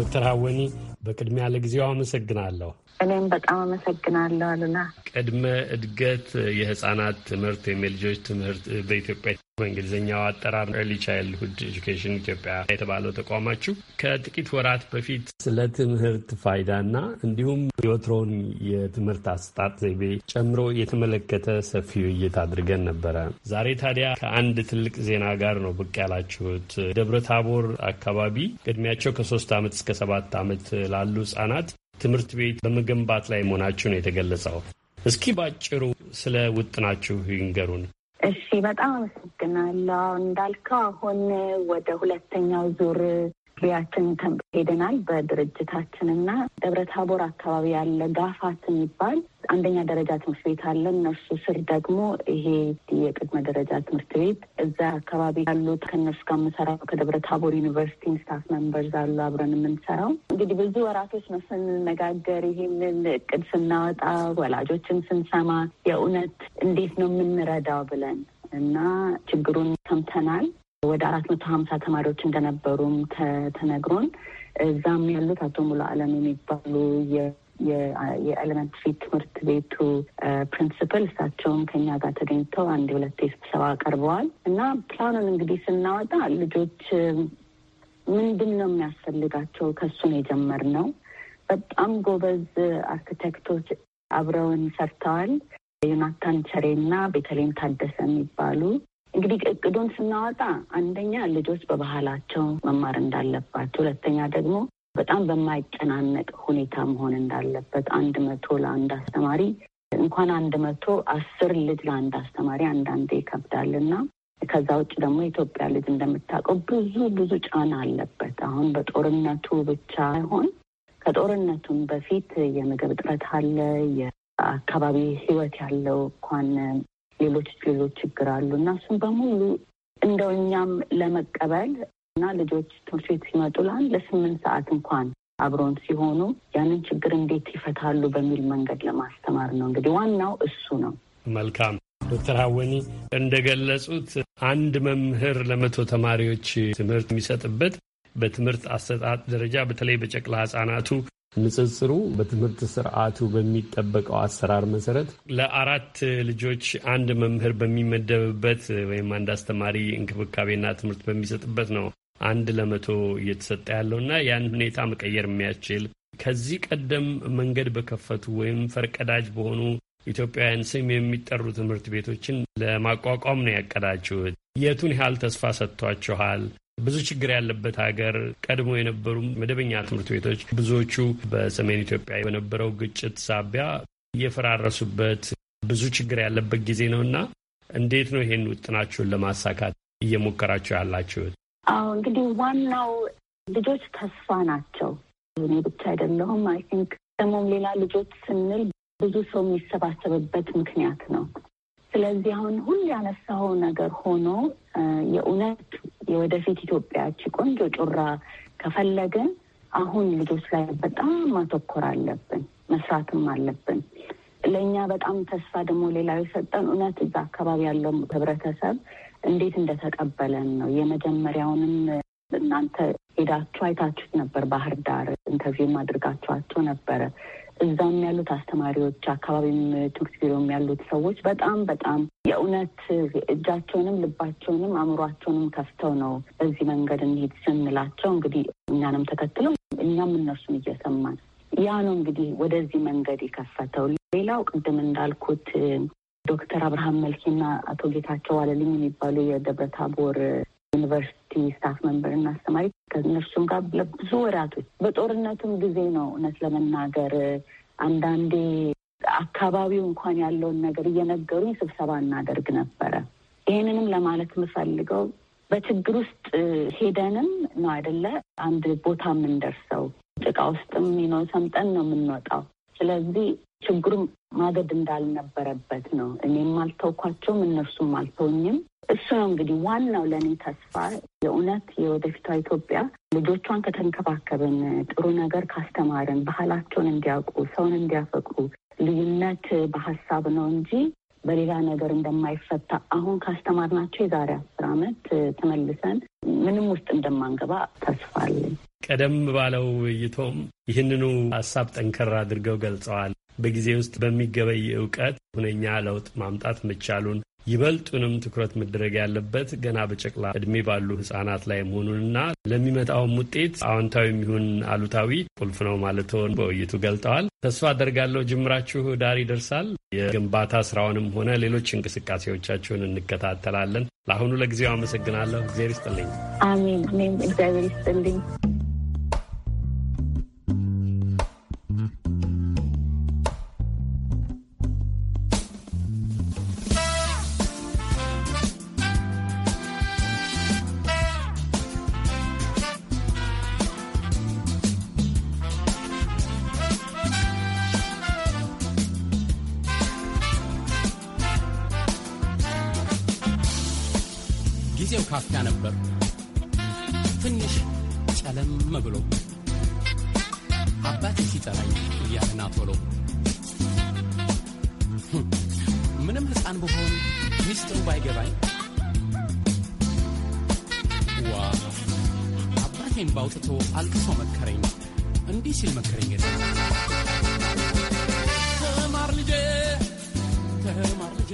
ዶክተር ሀወኒ በቅድሚያ ለጊዜው አመሰግናለሁ። እኔም በጣም አመሰግናለሁ አሉና። ቅድመ እድገት የህጻናት ትምህርት ወይም የልጆች ትምህርት በኢትዮጵያ በእንግሊዝኛው አጠራር ኤርሊ ቻይልድሁድ ኤጁኬሽን ኢትዮጵያ የተባለው ተቋማችሁ ከጥቂት ወራት በፊት ስለ ትምህርት ፋይዳና እንዲሁም የወትሮውን የትምህርት አሰጣጥ ዘይቤ ጨምሮ የተመለከተ ሰፊ ውይይት አድርገን ነበረ። ዛሬ ታዲያ ከአንድ ትልቅ ዜና ጋር ነው ብቅ ያላችሁት። ደብረ ታቦር አካባቢ ዕድሜያቸው ከሶስት ዓመት እስከ ሰባት ዓመት ላሉ ህጻናት ትምህርት ቤት በመገንባት ላይ መሆናችሁ ነው የተገለጸው። እስኪ ባጭሩ ስለ ውጥናችሁ ይንገሩን። እሺ፣ በጣም አመሰግናለሁ። እንዳልከው አሁን ወደ ሁለተኛው ዙር ሪያችንን ሄደናል። በድርጅታችን ደብረ ታቦር አካባቢ ያለ ጋፋት የሚባል አንደኛ ደረጃ ትምህርት ቤት አለ። እነሱ ስር ደግሞ ይሄ የቅድመ ደረጃ ትምህርት ቤት እዛ አካባቢ ያሉት ከእነሱ ጋር የምሰራው ከደብረ ታቦር ዩኒቨርሲቲ ስታፍ መንበርዝ አሉ። አብረን የምንሰራው እንግዲህ ብዙ ወራቶች ነው ስንነጋገር፣ ይህንን እቅድ ስናወጣ፣ ወላጆችን ስንሰማ የእውነት እንዴት ነው የምንረዳው ብለን እና ችግሩን ሰምተናል። ወደ አራት መቶ ሀምሳ ተማሪዎች እንደነበሩም ተነግሮን እዛም ያሉት አቶ ሙሉ አለም የሚባሉ የኤሌመንትሪ ትምህርት ቤቱ ፕሪንስፕል እሳቸውም ከኛ ጋር ተገኝተው አንድ ሁለት የስብሰባ ቀርበዋል እና ፕላኑን እንግዲህ ስናወጣ ልጆች ምንድን ነው የሚያስፈልጋቸው ከሱን የጀመርነው። በጣም ጎበዝ አርክቴክቶች አብረውን ሰርተዋል። ዮናታን ቸሬ እና ቤተልሔም ታደሰ የሚባሉ እንግዲህ እቅዱን ስናወጣ አንደኛ ልጆች በባህላቸው መማር እንዳለባቸው፣ ሁለተኛ ደግሞ በጣም በማይጨናነቅ ሁኔታ መሆን እንዳለበት አንድ መቶ ለአንድ አስተማሪ እንኳን አንድ መቶ አስር ልጅ ለአንድ አስተማሪ አንዳንዴ ይከብዳልና ከዛ ውጭ ደግሞ የኢትዮጵያ ልጅ እንደምታውቀው ብዙ ብዙ ጫና አለበት። አሁን በጦርነቱ ብቻ አይሆን ከጦርነቱም በፊት የምግብ እጥረት አለ። የአካባቢ ህይወት ያለው እንኳን ሌሎች ሌሎች ችግር አሉ እና እሱም በሙሉ እንደው እኛም ለመቀበል እና ልጆች ትምህርት ቤት ሲመጡ ለአንድ ለስምንት ሰዓት እንኳን አብሮን ሲሆኑ ያንን ችግር እንዴት ይፈታሉ በሚል መንገድ ለማስተማር ነው። እንግዲህ ዋናው እሱ ነው። መልካም ዶክተር ሀወኒ እንደገለጹት አንድ መምህር ለመቶ ተማሪዎች ትምህርት የሚሰጥበት በትምህርት አሰጣጥ ደረጃ በተለይ በጨቅላ ህጻናቱ ንጽጽሩ በትምህርት ስርዓቱ በሚጠበቀው አሰራር መሰረት ለአራት ልጆች አንድ መምህር በሚመደብበት ወይም አንድ አስተማሪ እንክብካቤና ትምህርት በሚሰጥበት ነው አንድ ለመቶ እየተሰጠ ያለውና ያን ሁኔታ መቀየር የሚያስችል ከዚህ ቀደም መንገድ በከፈቱ ወይም ፈርቀዳጅ በሆኑ ኢትዮጵያውያን ስም የሚጠሩ ትምህርት ቤቶችን ለማቋቋም ነው ያቀዳችሁት። የቱን ያህል ተስፋ ሰጥቷችኋል? ብዙ ችግር ያለበት ሀገር ቀድሞ የነበሩ መደበኛ ትምህርት ቤቶች ብዙዎቹ በሰሜን ኢትዮጵያ በነበረው ግጭት ሳቢያ እየፈራረሱበት ብዙ ችግር ያለበት ጊዜ ነው እና እንዴት ነው ይሄን ውጥናችሁን ለማሳካት እየሞከራችሁ ያላችሁት? አዎ እንግዲህ ዋናው ልጆች ተስፋ ናቸው። እኔ ብቻ አይደለሁም። አይ ቲንክ ደግሞም ሌላ ልጆች ስንል ብዙ ሰው የሚሰባሰብበት ምክንያት ነው ስለዚህ አሁን ሁሉ ያነሳው ነገር ሆኖ የእውነት የወደፊት ኢትዮጵያች ቆንጆ ጮራ ከፈለግን አሁን ልጆች ላይ በጣም ማተኮር አለብን፣ መስራትም አለብን። ለእኛ በጣም ተስፋ ደግሞ ሌላው የሰጠን እውነት እዛ አካባቢ ያለው ህብረተሰብ እንዴት እንደተቀበለን ነው። የመጀመሪያውንም እናንተ ሄዳችሁ አይታችሁት ነበር፣ ባህር ዳር ኢንተርቪው አድርጋችኋቸው ነበረ። እዛም ያሉት አስተማሪዎች፣ አካባቢም ትምህርት ቢሮም ያሉት ሰዎች በጣም በጣም የእውነት እጃቸውንም ልባቸውንም አእምሯቸውንም ከፍተው ነው በዚህ መንገድ እንሂድ ስንላቸው እንግዲህ እኛንም ተከትለው እኛም እነርሱን እየሰማን ያ ነው እንግዲህ ወደዚህ መንገድ የከፈተው። ሌላው ቅድም እንዳልኩት ዶክተር አብርሃም መልኪና አቶ ጌታቸው አለልኝ የሚባሉ የደብረ ታቦር ዩኒቨርሲቲ ስታፍ መንበር እና አስተማሪ ከእነርሱም ጋር ለብዙ ወራቶች በጦርነቱም ጊዜ ነው እውነት ለመናገር አንዳንዴ አካባቢው እንኳን ያለውን ነገር እየነገሩኝ ስብሰባ እናደርግ ነበረ። ይህንንም ለማለት የምፈልገው በችግር ውስጥ ሄደንም ነው አይደለ አንድ ቦታ የምንደርሰው፣ ጭቃ ውስጥም ነው ሰምጠን ነው የምንወጣው። ስለዚህ ችግሩም ማገድ እንዳልነበረበት ነው። እኔም አልተውኳቸውም፣ እነርሱም አልተውኝም። እሱ ነው እንግዲህ ዋናው ለእኔ ተስፋ። የእውነት የወደፊቷ ኢትዮጵያ ልጆቿን ከተንከባከብን፣ ጥሩ ነገር ካስተማርን፣ ባህላቸውን እንዲያውቁ፣ ሰውን እንዲያፈቅሩ፣ ልዩነት በሀሳብ ነው እንጂ በሌላ ነገር እንደማይፈታ አሁን ካስተማርናቸው የዛሬ አስር አመት ተመልሰን ምንም ውስጥ እንደማንገባ ተስፋ አለኝ። ቀደም ባለው ውይይቶም ይህንኑ ሀሳብ ጠንከር አድርገው ገልጸዋል። በጊዜ ውስጥ በሚገበይ እውቀት ሁነኛ ለውጥ ማምጣት መቻሉን ይበልጡንም ትኩረት መደረግ ያለበት ገና በጨቅላ እድሜ ባሉ ህጻናት ላይ መሆኑንና ለሚመጣውም ውጤት አዎንታዊ የሚሆን አሉታዊ ቁልፍ ነው ማለትን በውይይቱ ገልጠዋል። ተስፋ አደርጋለሁ ጅምራችሁ ዳር ይደርሳል። የግንባታ ስራውንም ሆነ ሌሎች እንቅስቃሴዎቻችሁን እንከታተላለን። ለአሁኑ ለጊዜው አመሰግናለሁ። እግዚአብሔር ይስጥልኝ። አሜን። እኔም እግዚአብሔር ይስጥልኝ። ተካፈሉ። ምንም ሕፃን ብሆን ሚስጥሩ ባይገባኝ ዋ አባቴን ባውጥቶ አልቅሶ መከረኝ። እንዲህ ሲል መከረኝ ጌታ ተማር ልጄ ተማር ልጄ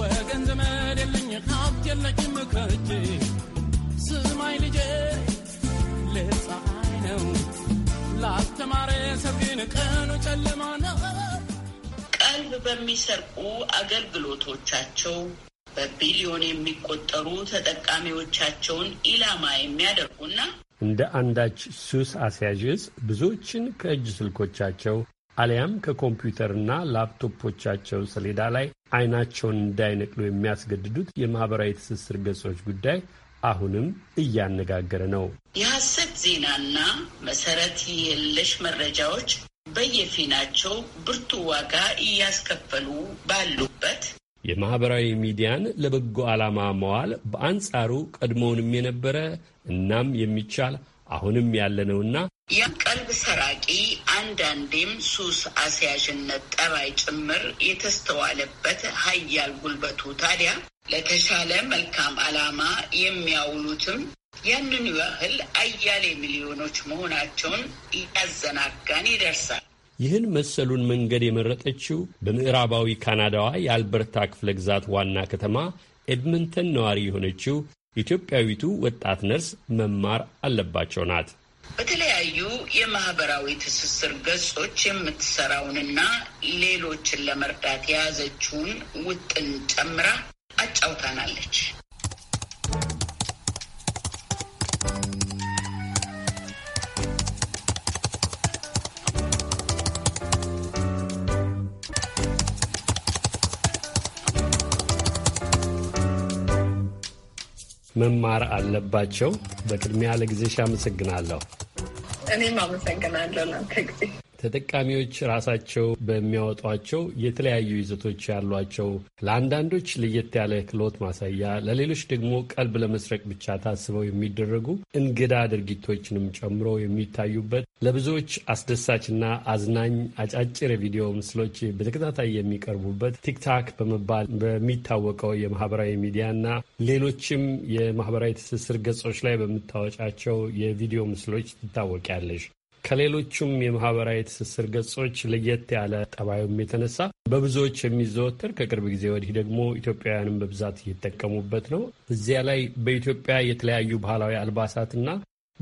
ወገን ዘመድ የለኝ ሀብት የለኝም ከእጄ ስማይ ልጄ ልጻ ነው ቀልብ በሚሰርቁ አገልግሎቶቻቸው በቢሊዮን የሚቆጠሩ ተጠቃሚዎቻቸውን ኢላማ የሚያደርጉና እንደ አንዳች ሱስ አስያዥስ ብዙዎችን ከእጅ ስልኮቻቸው አሊያም ከኮምፒውተርና ላፕቶፖቻቸው ሰሌዳ ላይ አይናቸውን እንዳይነቅሉ የሚያስገድዱት የማኅበራዊ ትስስር ገጾች ጉዳይ አሁንም እያነጋገረ ነው። የሐሰት ዜናና መሰረት የለሽ መረጃዎች በየፊናቸው ብርቱ ዋጋ እያስከፈሉ ባሉበት የማህበራዊ ሚዲያን ለበጎ ዓላማ መዋል በአንጻሩ ቀድሞውንም የነበረ እናም የሚቻል አሁንም ያለ ነውና የቀልብ ሰራቂ አንዳንዴም ሱስ አስያዥነት ጠባይ ጭምር የተስተዋለበት ሀያል ጉልበቱ ታዲያ ለተሻለ መልካም ዓላማ የሚያውሉትም ያንኑ ያህል አያሌ ሚሊዮኖች መሆናቸውን ያዘናጋን ይደርሳል። ይህን መሰሉን መንገድ የመረጠችው በምዕራባዊ ካናዳዋ የአልበርታ ክፍለ ግዛት ዋና ከተማ ኤድመንተን ነዋሪ የሆነችው ኢትዮጵያዊቱ ወጣት ነርስ መማር አለባቸው ናት። በተለያዩ የማህበራዊ ትስስር ገጾች የምትሰራውንና ሌሎችን ለመርዳት የያዘችውን ውጥን ጨምራ አጫውታናለች። መማር አለባቸው። በቅድሚያ ለጊዜሽ አመሰግናለሁ። እኔም አመሰግናለሁ። ተጠቃሚዎች ራሳቸው በሚያወጧቸው የተለያዩ ይዘቶች ያሏቸው ለአንዳንዶች ለየት ያለ ክሎት ማሳያ፣ ለሌሎች ደግሞ ቀልብ ለመስረቅ ብቻ ታስበው የሚደረጉ እንግዳ ድርጊቶችንም ጨምሮ የሚታዩበት ለብዙዎች አስደሳችና አዝናኝ አጫጭር የቪዲዮ ምስሎች በተከታታይ የሚቀርቡበት ቲክታክ በመባል በሚታወቀው የማህበራዊ ሚዲያና ሌሎችም የማህበራዊ ትስስር ገጾች ላይ በምታወጫቸው የቪዲዮ ምስሎች ትታወቂያለሽ። ከሌሎቹም የማህበራዊ ትስስር ገጾች ለየት ያለ ጠባዩም የተነሳ በብዙዎች የሚዘወትር ከቅርብ ጊዜ ወዲህ ደግሞ ኢትዮጵያውያንም በብዛት እየጠቀሙበት ነው። እዚያ ላይ በኢትዮጵያ የተለያዩ ባህላዊ አልባሳትና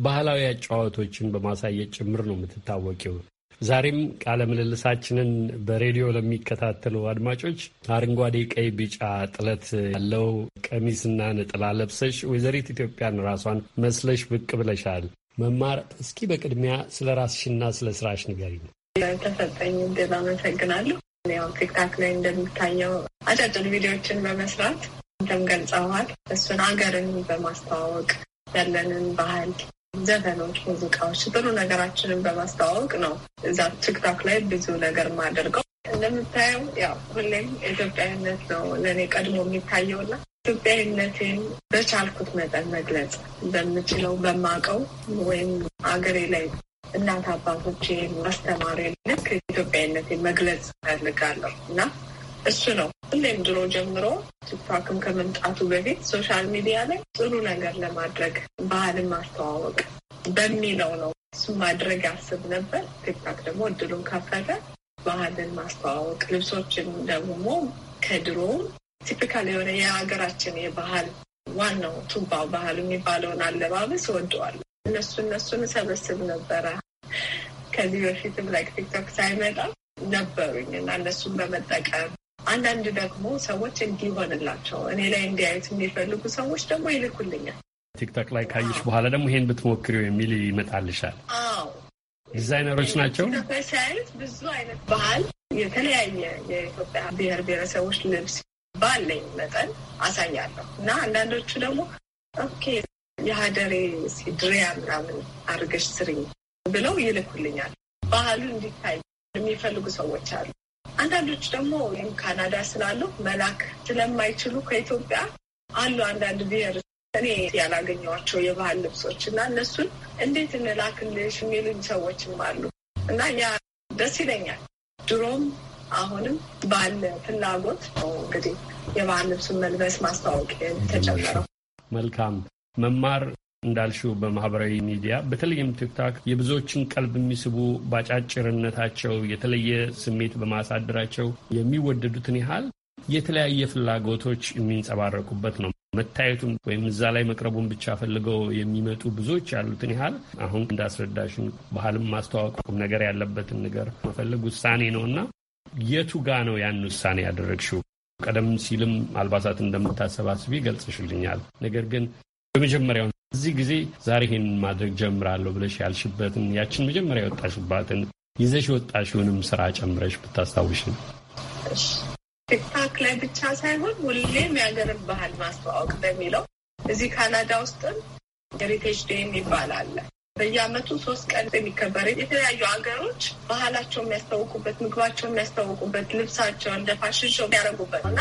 ባህላዊ አጫዋቶችን በማሳየት ጭምር ነው የምትታወቂው። ዛሬም ቃለ ምልልሳችንን በሬዲዮ ለሚከታተሉ አድማጮች አረንጓዴ፣ ቀይ፣ ቢጫ ጥለት ያለው ቀሚስና ነጠላ ለብሰሽ ወይዘሪት ኢትዮጵያን ራሷን መስለሽ ብቅ ብለሻል። መማር እስኪ በቅድሚያ ስለ ራስሽና ስለ ስራሽ ንገሪኝ። ተሰጠኝ እድል አመሰግናለሁ። ያው ቲክታክ ላይ እንደሚታየው አጫጭር ቪዲዮዎችን በመስራት እንደም ገልጸዋል። እሱን ሀገርን በማስተዋወቅ ያለንን ባህል፣ ዘፈኖች፣ ሙዚቃዎች፣ ጥሩ ነገራችንን በማስተዋወቅ ነው እዛ ቲክታክ ላይ ብዙ ነገር ማደርገው እንደምታየው ያው ሁሌም ኢትዮጵያዊነት ነው ለእኔ ቀድሞ የሚታየውና ኢትዮጵያዊነቴን በቻልኩት መጠን መግለጽ በምችለው በማቀው ወይም አገሬ ላይ እናት አባቶቼ ማስተማሪ ልክ ኢትዮጵያዊነቴን መግለጽ ያልጋለሁ እና እሱ ነው ሁሌም ድሮ ጀምሮ ቲክቶክም ከመምጣቱ በፊት ሶሻል ሚዲያ ላይ ጥሩ ነገር ለማድረግ ባህልን ማስተዋወቅ በሚለው ነው እሱ ማድረግ ያስብ ነበር። ቲክቶክ ደግሞ እድሉን ከፈተ። ባህልን ማስተዋወቅ፣ ልብሶችን ደግሞ ከድሮም ቲፒካል የሆነ የሀገራችን የባህል ዋናው ቱባው ባህል የሚባለውን አለባበስ ወደዋል። እነሱ እነሱን ሰበስብ ነበረ። ከዚህ በፊትም ላይ ቲክቶክ ሳይመጣ ነበሩኝ እና እነሱን በመጠቀም አንዳንድ ደግሞ ሰዎች እንዲሆንላቸው እኔ ላይ እንዲያዩት የሚፈልጉ ሰዎች ደግሞ ይልኩልኛል። ቲክቶክ ላይ ካየሽ በኋላ ደግሞ ይሄን ብትሞክሪው የሚል ይመጣልሻል። ዲዛይነሮች ናቸው። ብዙ አይነት ባህል የተለያየ የኢትዮጵያ ብሔር ብሔረሰቦች ልብስ ባለኝ መጠን አሳያለሁ እና አንዳንዶቹ ደግሞ ኦኬ የሀደሬ ድሬያ ምናምን አድርገሽ ስርኝ ብለው ይልኩልኛል። ባህሉ እንዲታይ የሚፈልጉ ሰዎች አሉ። አንዳንዶቹ ደግሞ ወይም ካናዳ ስላሉ መላክ ስለማይችሉ ከኢትዮጵያ አሉ አንዳንድ ብሔር እኔ ያላገኘኋቸው የባህል ልብሶች እና እነሱን እንዴት እንላክልሽ የሚሉኝ ሰዎችም አሉ እና ያ ደስ ይለኛል። ድሮም አሁንም ባለ ፍላጎት ነው እንግዲህ የባህል ልብሱን መልበስ ማስታወቅ ተጨመረው። መልካም መማር እንዳልሽው በማህበራዊ ሚዲያ በተለይም ቲክታክ የብዙዎችን ቀልብ የሚስቡ ባጫጭርነታቸው የተለየ ስሜት በማሳደራቸው የሚወደዱትን ያህል የተለያየ ፍላጎቶች የሚንጸባረቁበት ነው። መታየቱን ወይም እዛ ላይ መቅረቡን ብቻ ፈልገው የሚመጡ ብዙዎች ያሉትን ያህል አሁን እንዳስረዳሽን ባህልም ማስተዋወቁም ነገር ያለበትን ነገር መፈለግ ውሳኔ ነው እና የቱ ጋ ነው ያን ውሳኔ ያደረግሽው? ቀደም ሲልም አልባሳት እንደምታሰባስቢ ገልጽሽልኛል። ነገር ግን በመጀመሪያው እዚህ ጊዜ ዛሬ ይህን ማድረግ ጀምራለሁ ብለሽ ያልሽበትን ያችን መጀመሪያ የወጣሽባትን ይዘሽ የወጣሽውንም ስራ ጨምረሽ ብታስታውሽን። ቲክታክ ላይ ብቻ ሳይሆን ሁሌም የሀገርን ባህል ማስተዋወቅ በሚለው እዚህ ካናዳ ውስጥም ሄሪቴጅ ዴይ የሚባል አለ። በየአመቱ ሶስት ቀን የሚከበር የተለያዩ ሀገሮች ባህላቸው የሚያስታውቁበት፣ ምግባቸው የሚያስታውቁበት፣ ልብሳቸው እንደ ፋሽን ሾው የሚያደርጉበት እና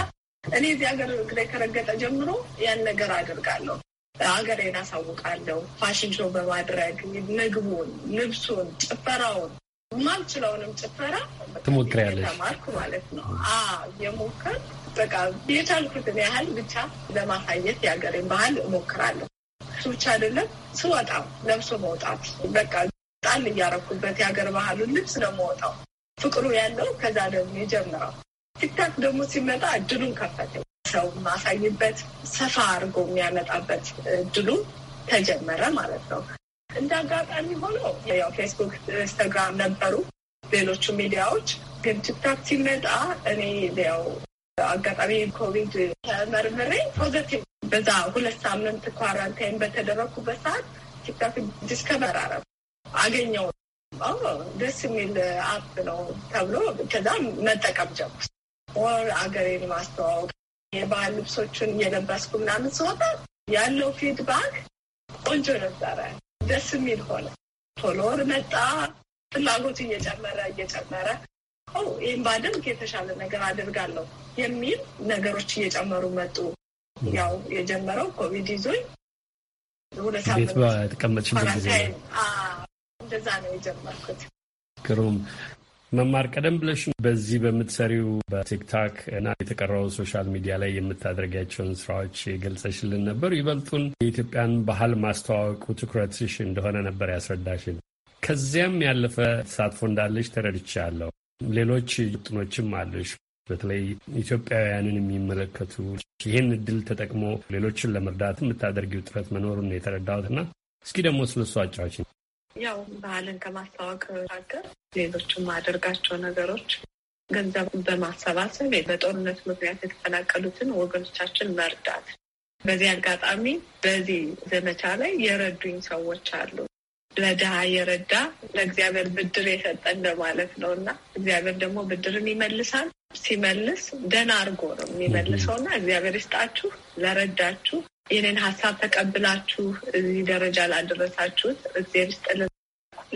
እኔ እዚህ ሀገር እግሬ ከረገጠ ጀምሮ ያን ነገር አድርጋለሁ። ሀገሬን አሳውቃለሁ ፋሽን ሾው በማድረግ ምግቡን፣ ልብሱን፣ ጭፈራውን የማልችለውንም ጭፈራ ትሞክሪያለሽ ተማርኩ ማለት ነው። የሞከር በቃ የቻልኩትን ያህል ብቻ ለማሳየት የሀገሬን ባህል እሞክራለሁ። እሱ ብቻ አይደለም ስወጣ ለብሶ መውጣት በቃ ጣል እያረኩበት የሀገር ባህሉን ልብስ ነው የምወጣው። ፍቅሩ ያለው ከዛ ደግሞ የጀምረው ቲክታክ ደግሞ ሲመጣ እድሉን ከፈተኝ። ሰው ማሳይበት ሰፋ አድርጎ የሚያመጣበት እድሉ ተጀመረ ማለት ነው። እንደ አጋጣሚ ሆኖ ያው ፌስቡክ፣ ኢንስታግራም ነበሩ ሌሎቹ ሚዲያዎች። ግን ቲክታክ ሲመጣ እኔ ያው አጋጣሚ ኮቪድ ተመርምሬ ፖዘቲቭ በዛ ሁለት ሳምንት ኳራንታይን በተደረግኩበት ሰዓት ቲክታክ ዲስከበር አረብ አገኘው ደስ የሚል አፕ ነው ተብሎ ከዛም መጠቀም ጀምር ወር አገሬን ማስተዋወቅ የባህል ልብሶችን እየለበስኩ ምናምን ስወጣ ያለው ፊድባክ ቆንጆ ነበረ። ደስ የሚል ሆነ። ቶሎር መጣ። ፍላጎት እየጨመረ እየጨመረ ይህም ባደርግ የተሻለ ነገር አድርጋለሁ የሚል ነገሮች እየጨመሩ መጡ። ያው የጀመረው ኮቪድ ይዞኝ ሁለት ሳምንት እንደዛ ነው የጀመርኩት። ግሩም መማር ቀደም ብለሽ በዚህ በምትሰሪው በቲክታክ እና የተቀረው ሶሻል ሚዲያ ላይ የምታደርጊያቸውን ስራዎች ገልጸሽልን ነበር። ይበልጡን የኢትዮጵያን ባህል ማስተዋወቁ ትኩረትሽ እንደሆነ ነበር ያስረዳሽን። ከዚያም ያለፈ ተሳትፎ እንዳለሽ ተረድቻለሁ። ሌሎች ውጥኖችም አለሽ። በተለይ ኢትዮጵያውያንን የሚመለከቱ ይህን እድል ተጠቅሞ ሌሎችን ለመርዳት የምታደርጊው ጥረት መኖሩን የተረዳሁትና እስኪ ደግሞ ስለሱ አጫዎች ያው ባህልን ከማስታወቅ ሀገር ሌሎችም ማደርጋቸው ነገሮች ገንዘብ በማሰባሰብ በጦርነት ምክንያት የተፈናቀሉትን ወገኖቻችን መርዳት። በዚህ አጋጣሚ በዚህ ዘመቻ ላይ የረዱኝ ሰዎች አሉ። ለድሃ የረዳ ለእግዚአብሔር ብድር የሰጠ እንደማለት ነው እና እግዚአብሔር ደግሞ ብድርን ይመልሳል። ሲመልስ ደህና አድርጎ ነው የሚመልሰው እና እግዚአብሔር ይስጣችሁ ለረዳችሁ የኔን ሀሳብ ተቀብላችሁ እዚህ ደረጃ ላደረሳችሁት እግዚአብሔር ይስጥልን።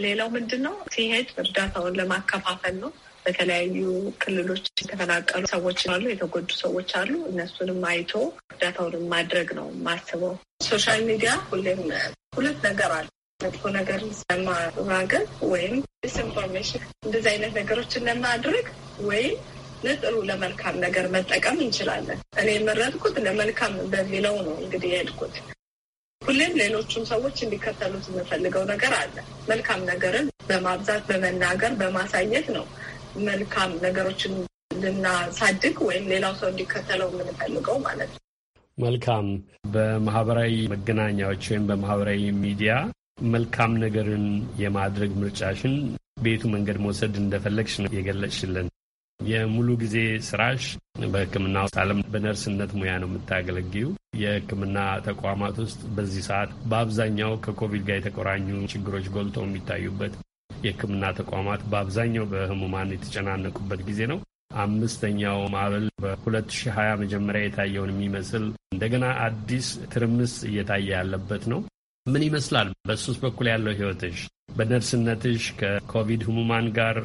ሌላው ምንድን ነው ሲሄድ እርዳታውን ለማከፋፈል ነው። በተለያዩ ክልሎች የተፈናቀሉ ሰዎች አሉ፣ የተጎዱ ሰዎች አሉ። እነሱንም አይቶ እርዳታውንም ማድረግ ነው ማስበው። ሶሻል ሚዲያ ሁሌም ሁለት ነገር አለ መጥፎ ነገር ለማራገብ ወይም ዲስኢንፎርሜሽን እንደዚህ አይነት ነገሮችን ለማድረግ ወይም ንጥሩ ለመልካም ነገር መጠቀም እንችላለን። እኔ የመረጥኩት ለመልካም በሚለው ነው እንግዲህ የሄድኩት። ሁሌም ሌሎቹም ሰዎች እንዲከተሉት የምፈልገው ነገር አለ። መልካም ነገርን በማብዛት በመናገር በማሳየት ነው መልካም ነገሮችን ልናሳድግ ወይም ሌላው ሰው እንዲከተለው የምንፈልገው ማለት ነው። መልካም በማህበራዊ መገናኛዎች ወይም በማህበራዊ ሚዲያ መልካም ነገርን የማድረግ ምርጫሽን ቤቱ መንገድ መውሰድ እንደፈለግሽ ነው የገለጽሽልን። የሙሉ ጊዜ ስራሽ በሕክምና አለም በነርስነት ሙያ ነው የምታገለግዩ። የሕክምና ተቋማት ውስጥ በዚህ ሰዓት በአብዛኛው ከኮቪድ ጋር የተቆራኙ ችግሮች ጎልተው የሚታዩበት የሕክምና ተቋማት በአብዛኛው በህሙማን የተጨናነቁበት ጊዜ ነው። አምስተኛው ማዕበል በ2020 መጀመሪያ የታየውን የሚመስል እንደገና አዲስ ትርምስ እየታየ ያለበት ነው። ምን ይመስላል በሱስ በኩል ያለው ህይወትሽ? በነርስነትሽ ከኮቪድ ህሙማን ጋር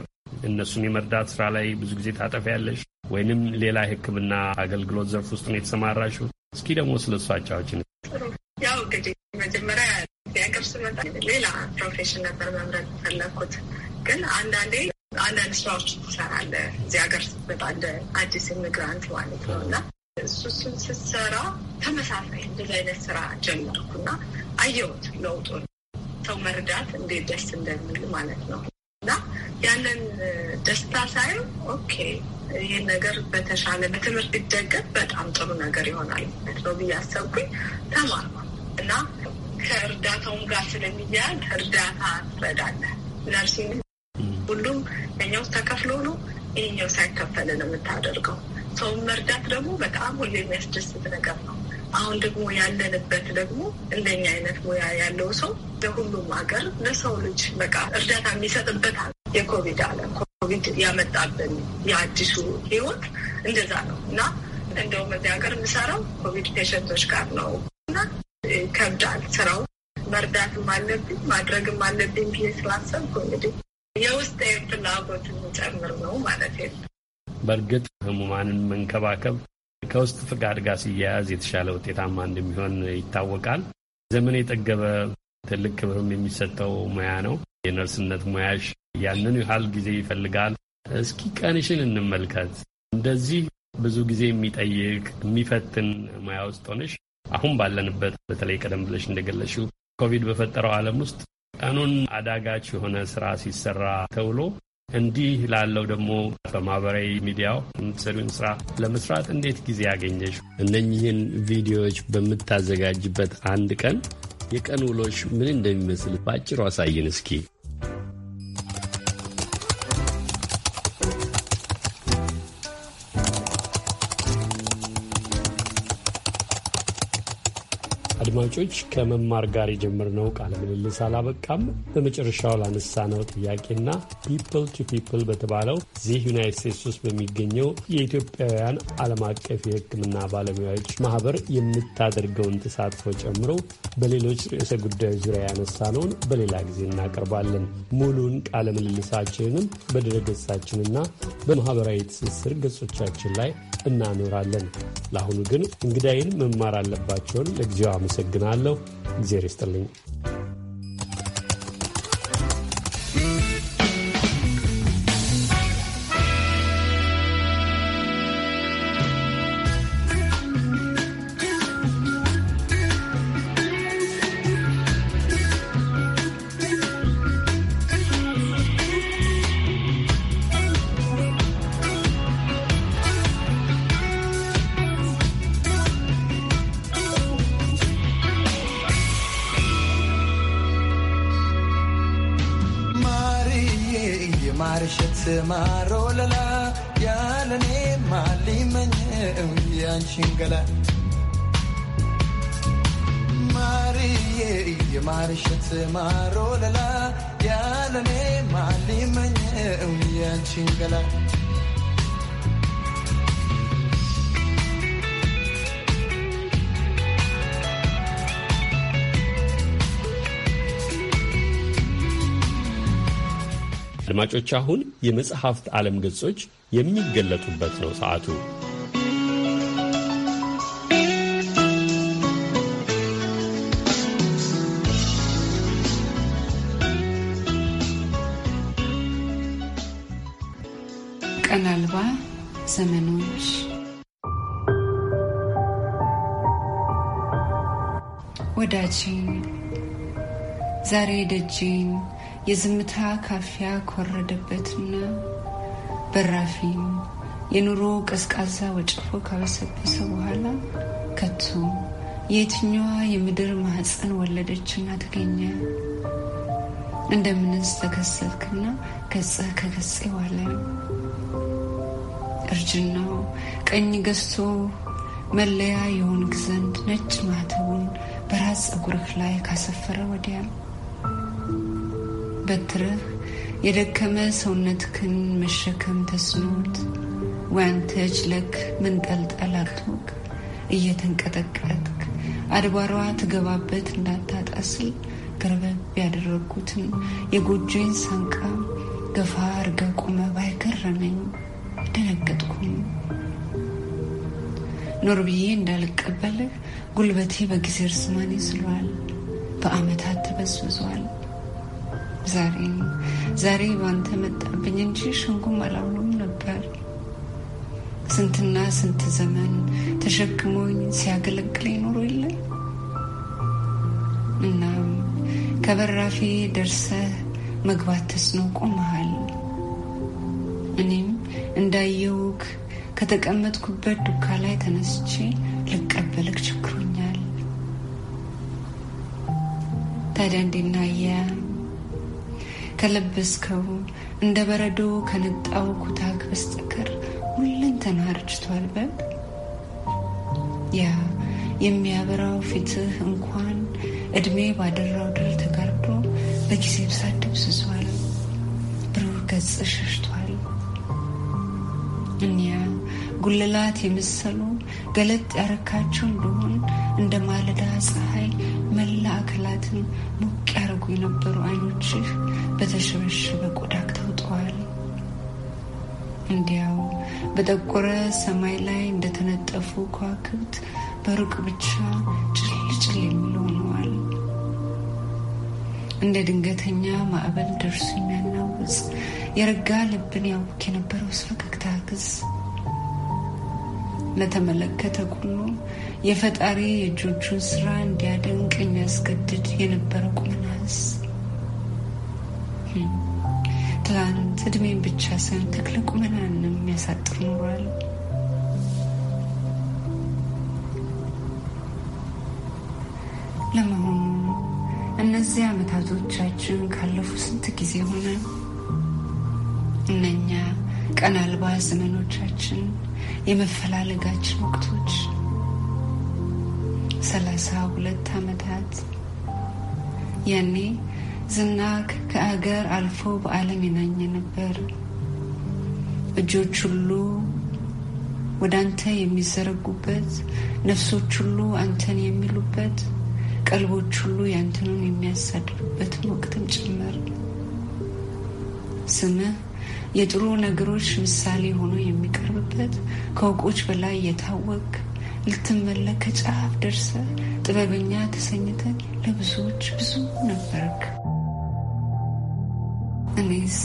እነሱን የመርዳት ስራ ላይ ብዙ ጊዜ ታጠፍ ያለሽ ወይንም ሌላ የሕክምና አገልግሎት ዘርፍ ውስጥ ነው የተሰማራሽው? እስኪ ደግሞ ስለ እሱ አጫዎችን። ያው እንግዲህ መጀመሪያ ሀገር ስመጣ ሌላ ፕሮፌሽን ነበር መምረጥ ፈለግኩት። ግን አንዳንዴ አንዳንድ ስራዎች ትሰራለ እዚህ ሀገር ስትመጣ እንደ አዲስ ኢሚግራንት ማለት ነው እና እሱ እሱን ስትሰራ ተመሳሳይ እንደዚህ አይነት ስራ ጀመርኩና አየሁት ለውጡን ሰው መርዳት እንዴት ደስ እንደሚል ማለት ነው። ያለን ደስታ ሳይ ኦኬ ይህ ነገር በተሻለ በትምህርት ቢደገፍ በጣም ጥሩ ነገር ይሆናል ነው ብዬ አሰብኩኝ። ተማርኩ እና ከእርዳታውም ጋር ስለሚያያዝ እርዳታ ትረዳለ ነርሲን ሁሉም እኛው ተከፍሎ ነው፣ ይህኛው ሳይከፈል ነው የምታደርገው። ሰውን መርዳት ደግሞ በጣም ሁሉ የሚያስደስት ነገር ነው። አሁን ደግሞ ያለንበት ደግሞ እንደኛ አይነት ሙያ ያለው ሰው ለሁሉም ሀገር ለሰው ልጅ በቃ እርዳታ የሚሰጥበት የኮቪድ ዓለም ኮቪድ ያመጣብን የአዲሱ ህይወት እንደዛ ነው እና እንደውም እዚህ ሀገር የምሰራው ኮቪድ ፔሸንቶች ጋር ነው እና ከብዳል ስራው መርዳትም አለብኝ ማድረግም አለብኝ ብዬ ስላሰብኩ እንግዲህ የውስጥ ፍላጎት የሚጨምር ነው ማለት ነው። በእርግጥ ህሙማንን መንከባከብ ከውስጥ ፍቃድ ጋር ሲያያዝ የተሻለ ውጤታማ እንደሚሆን ይታወቃል። ዘመን የጠገበ ትልቅ ክብርም የሚሰጠው ሙያ ነው። የነርስነት ሙያሽ ያንን ያህል ጊዜ ይፈልጋል። እስኪ ቀንሽን እንመልከት። እንደዚህ ብዙ ጊዜ የሚጠይቅ የሚፈትን ሙያ ውስጥ ሆነሽ አሁን ባለንበት በተለይ ቀደም ብለሽ እንደገለሽው ኮቪድ በፈጠረው ዓለም ውስጥ ቀኑን አዳጋች የሆነ ስራ ሲሰራ ተውሎ እንዲህ ላለው ደግሞ በማህበራዊ ሚዲያው የምትሰሪውን ስራ ለመስራት እንዴት ጊዜ ያገኘሽ? እነኚህን ቪዲዮዎች በምታዘጋጅበት አንድ ቀን የቀን ውሎሽ ምን እንደሚመስል በአጭሩ አሳይን እስኪ። አድማጮች ከመማር ጋር የጀመርነው ቃለ ምልልስ አላበቃም። በመጨረሻው ላነሳነው ጥያቄና ፒፕል ቱ ፒፕል በተባለው እዚህ ዩናይት ስቴትስ ውስጥ በሚገኘው የኢትዮጵያውያን ዓለም አቀፍ የሕክምና ባለሙያዎች ማህበር የምታደርገውን ተሳትፎ ጨምሮ በሌሎች ርዕሰ ጉዳዮች ዙሪያ ያነሳነውን በሌላ ጊዜ እናቀርባለን። ሙሉን ቃለ ምልልሳችንንም በድረገጻችንና በማህበራዊ ትስስር ገጾቻችን ላይ እናኖራለን። ለአሁኑ ግን እንግዳይን መማር አለባቸውን ለጊዜው አመሰግናለሁ። እግዜር ይስጥልኝ። አድማጮች፣ አሁን የመጽሐፍት ዓለም ገጾች የሚገለጡበት ነው ሰዓቱ። ቀን አልባ ዘመኖች ወዳጅን ዛሬ ደጅን የዝምታ ካፊያ ከወረደበትና በራፊም የኑሮ ቀዝቃዛ ወጭፎ ካበሰበሰ በኋላ ከቶ የትኛዋ የምድር ማህፀን ወለደችና ተገኘ? እንደምንስ ተከሰትክና ገጸ ከገጽ ዋለ። እርጅናው ቀኝ ገዝቶ መለያ የሆንክ ዘንድ ነጭ ማተቡን በራስ ጸጉርህ ላይ ካሰፈረ ወዲያ ተገትረህ የደከመ ሰውነትክን መሸከም ተስኖት ዋንተች ለክ መንጠልጠል አጥቶክ እየተንቀጠቀጥክ አድባሯ ትገባበት እንዳታጣስል ገረበብ ያደረጉትን የጎጆን ሳንቃ ገፋ አርገ ቆመ። ባይገረመኝ ደነገጥኩም ኖር ብዬ እንዳልቀበልህ ጉልበቴ በጊዜ እርዝማኔ ስለዋል፣ በአመታት ተበዝብዟል። ዛሬ ነው። ዛሬ ባንተ መጣብኝ እንጂ ሽንጉም አላውሉም ነበር። ስንትና ስንት ዘመን ተሸክሞኝ ሲያገለግል ይኖሩ የለ እና ከበራፌ ደርሰህ መግባት ተስኖ ቆመሃል። እኔም እንዳየውክ ከተቀመጥኩበት ዱካ ላይ ተነስቼ ልቀበልክ ችግሮኛል። ታዲያ እንዴናየ ከለበስከው እንደ በረዶ ከነጣው ኩታክ በስተቀር ሁሉን ተናርጅቷል በል። ያ የሚያበራው ፊትህ እንኳን እድሜ ባደራው ድር ተጋርዶ በጊዜ ብሳት ደብዝዟል። ብሩህ ገጽ ሸሽቷል። እኒያ ጉልላት የመሰሉ ገለጥ ያረካቸው እንደሆን እንደ ማለዳ ፀሐይ መላ አካላትን ሙቅ ሲደረጉ የነበሩ አይኖችህ በተሸበሸበ ቆዳክ ተውጠዋል። እንዲያው በጠቆረ ሰማይ ላይ እንደተነጠፉ ከዋክብት በሩቅ ብቻ ጭልጭል የሚል ሆነዋል። እንደ ድንገተኛ ማዕበል ደርሶ የሚያናውጽ የረጋ ልብን ያውክ የነበረው ስፈገግታ ግዝ ለተመለከተ ሁሉ የፈጣሪ የእጆቹን ስራ እንዲያደንቅ የሚያስገድድ የነበረ ቁመና ትላንት እድሜን ብቻ ሳይሆን ትልቁ ምናንም የሚያሳጥር ኖሯል። ለመሆኑ እነዚህ አመታቶቻችን ካለፉ ስንት ጊዜ ሆነ? እነኛ ቀን አልባ ዘመኖቻችን፣ የመፈላለጋችን ወቅቶች ሰላሳ ሁለት አመታት? ያኔ ዝናክ ከአገር አልፎ በዓለም ይናኝ ነበር። እጆች ሁሉ ወደ አንተ የሚዘረጉበት፣ ነፍሶች ሁሉ አንተን የሚሉበት፣ ቀልቦች ሁሉ ያንተኑን የሚያሳድሩበትን ወቅትም ጭምር ስምህ የጥሩ ነገሮች ምሳሌ ሆኖ የሚቀርብበት ከውቆች በላይ የታወቅ ልትመለክ ከጫፍ ደርሰ ጥበበኛ ተሰኝተን ለብዙዎች ብዙ ነበርክ። እኔስ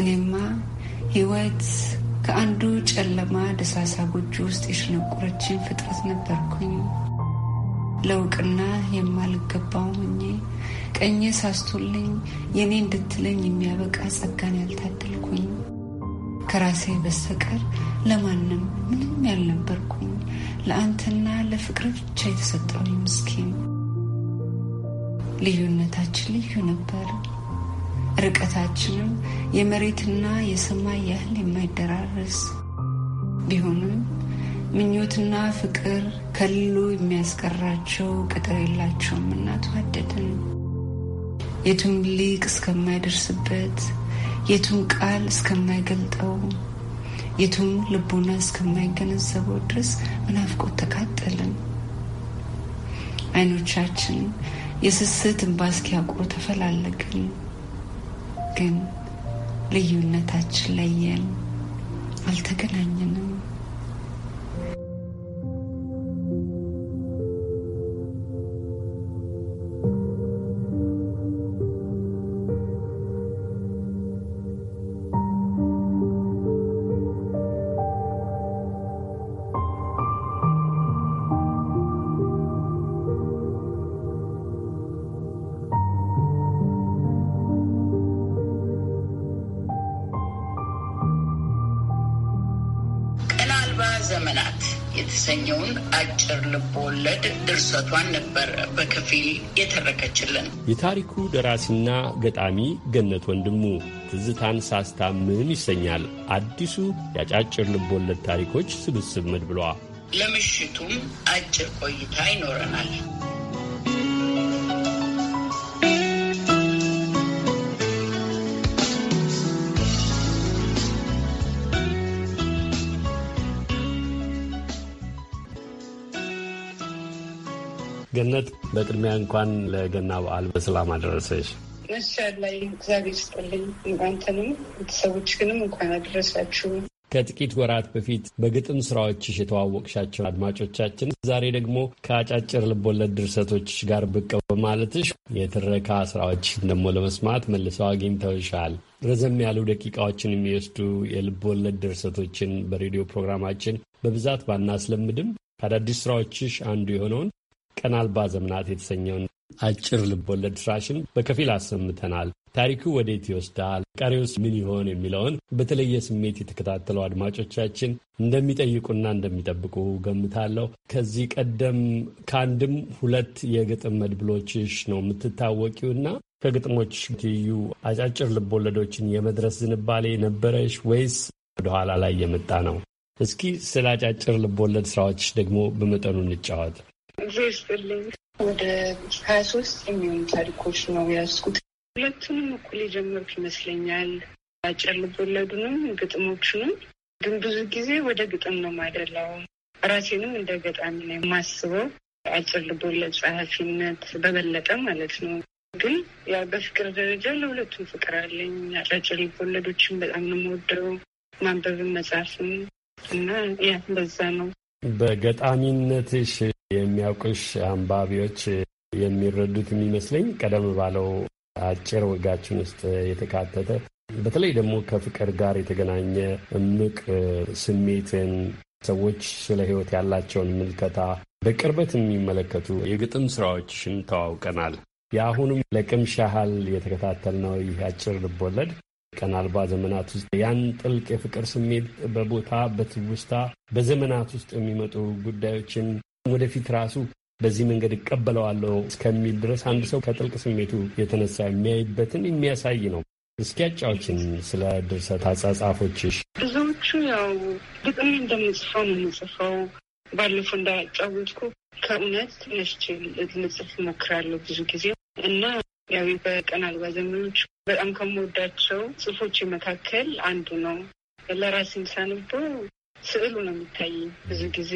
እኔማ ህይወት ከአንዱ ጨለማ ደሳሳ ጎጆ ውስጥ የሸነቆረችን ፍጥረት ነበርኩኝ። ለውቅና የማልገባው ሆኜ ቀኜ ሳስቶልኝ የእኔ እንድትለኝ የሚያበቃ ጸጋን ያልታደልኩኝ ከራሴ በስተቀር ለማንም ምንም ያልነበርኩኝ ለአንተና ለፍቅር ብቻ የተሰጠውኝ ምስኪን። ልዩነታችን ልዩ ነበር። ርቀታችንም የመሬትና የሰማይ ያህል የማይደራረስ ቢሆንም ምኞትና ፍቅር ከልሎ የሚያስቀራቸው ቅጥር የላቸውም እና ተዋደድን የቱም ሊቅ እስከማይደርስበት የቱን ቃል እስከማይገልጠው የቱን ልቦና እስከማይገነዘበው ድረስ በናፍቆት ተቃጠልን። አይኖቻችን የስስት እንባ እስኪያቁሩ ተፈላለግን። ግን ልዩነታችን ለየን፣ አልተገናኘንም። ሕይወቷን ነበር በከፊል የተረከችልን። የታሪኩ ደራሲና ገጣሚ ገነት ወንድሙ ትዝታን ሳስታምም ይሰኛል አዲሱ የአጫጭር ልቦለድ ታሪኮች ስብስብ መድብሏ። ለምሽቱም አጭር ቆይታ ይኖረናል። ገነት፣ በቅድሚያ እንኳን ለገና በዓል በሰላም አደረሰች መስቻል ላይ እግዚአብሔር ስጥልኝ። እንኳንተንም ግንም እንኳን አደረሳችሁ። ከጥቂት ወራት በፊት በግጥም ስራዎችሽ የተዋወቅሻቸው አድማጮቻችን ዛሬ ደግሞ ከአጫጭር ልቦለድ ድርሰቶች ጋር ብቅ በማለትሽ የትረካ ስራዎች ደግሞ ለመስማት መልሰው አግኝተውሻል። ረዘም ያሉ ደቂቃዎችን የሚወስዱ የልቦለድ ድርሰቶችን በሬዲዮ ፕሮግራማችን በብዛት ባናስለምድም ከአዳዲስ ስራዎችሽ አንዱ የሆነውን ቀን አልባ ዘምናት የተሰኘውን አጭር ልቦለድ ስራሽን በከፊል አሰምተናል። ታሪኩ ወዴት ይወስዳል? ቀሪውስ ምን ይሆን የሚለውን በተለየ ስሜት የተከታተሉ አድማጮቻችን እንደሚጠይቁና እንደሚጠብቁ ገምታለሁ። ከዚህ ቀደም ከአንድም ሁለት የግጥም መድብሎችሽ ነው የምትታወቂውና ከግጥሞች ትይዩ አጫጭር ልቦለዶችን የመድረስ ዝንባሌ ነበረሽ ወይስ ወደኋላ ላይ የመጣ ነው? እስኪ ስለ አጫጭር ልቦለድ ስራዎች ደግሞ በመጠኑ እንጫወት። ወደ ሀያ ሶስት የሚሆኑ ታሪኮች ነው ያስኩት። ሁለቱንም እኩል የጀመርኩ ይመስለኛል። አጭር ልቦለዱንም ግጥሞቹንም ግን ብዙ ጊዜ ወደ ግጥም ነው ማደላው። ራሴንም እንደ ገጣሚ ነው የማስበው። አጭር ልቦለድ ጸሐፊነት በበለጠ ማለት ነው። ግን ያው በፍቅር ደረጃ ለሁለቱም ፍቅር አለኝ። አጫጭር ልቦለዶችን በጣም ነው የምወደው ማንበብን መጽሐፍም እና ያ በዛ ነው በገጣሚነትሽ የሚያውቁሽ አንባቢዎች የሚረዱት የሚመስለኝ ቀደም ባለው አጭር ወጋችን ውስጥ የተካተተ በተለይ ደግሞ ከፍቅር ጋር የተገናኘ እምቅ ስሜትን ሰዎች ስለ ሕይወት ያላቸውን ምልከታ በቅርበት የሚመለከቱ የግጥም ስራዎችን ተዋውቀናል። የአሁኑም ለቅምሻ ያህል የተከታተልነው ይህ አጭር ልቦለድ ቀን አልባ ዘመናት ውስጥ ያን ጥልቅ የፍቅር ስሜት በቦታ በትውስታ በዘመናት ውስጥ የሚመጡ ጉዳዮችን ወደፊት ራሱ በዚህ መንገድ እቀበለዋለሁ እስከሚል ድረስ አንድ ሰው ከጥልቅ ስሜቱ የተነሳ የሚያይበትን የሚያሳይ ነው። እስኪ ያጫዎችን ስለ ድርሰት አጻጻፎችሽ። ብዙዎቹ ያው ግጥም እንደምጽፈው ነው የምጽፈው። ባለፈው እንዳጫወትኩ ከእውነት ትንሽ ልጽፍ እሞክራለሁ ብዙ ጊዜ እና ያው በቀን አልባ ዘመኖች በጣም ከምወዳቸው ጽሁፎች መካከል አንዱ ነው። ለራሴ ሳንቦ ስዕሉ ነው የሚታይ ብዙ ጊዜ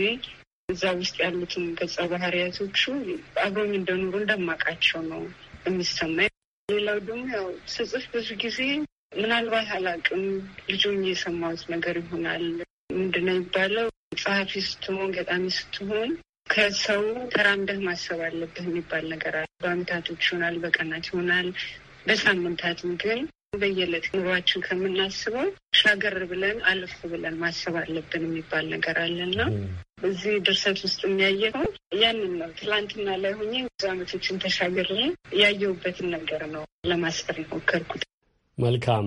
እዛ ውስጥ ያሉትን ገጸ ባህሪያቶቹ አብረኝ እንደኖሩ እንደማውቃቸው ነው የሚሰማኝ። ሌላው ደግሞ ያው ስጽፍ ብዙ ጊዜ ምናልባት አላቅም ልጆኝ የሰማሁት ነገር ይሆናል። ምንድነው የሚባለው ጸሐፊ ስትሆን ገጣሚ ስትሆን ከሰው ተራምደህ ማሰብ አለብህ የሚባል ነገር አለ። በአመታቶች ይሆናል፣ በቀናት ይሆናል፣ በሳምንታት ግን በየዕለት ኑሯችን ከምናስበው ሻገር ብለን አለፍ ብለን ማሰብ አለብን የሚባል ነገር አለና እዚህ ድርሰት ውስጥ የሚያየነው ያንን ነው። ትላንትና ላይ ሆኜ ብዙ አመቶችን ተሻገር ያየሁበትን ነገር ነው ለማስፈር የሞከርኩት። መልካም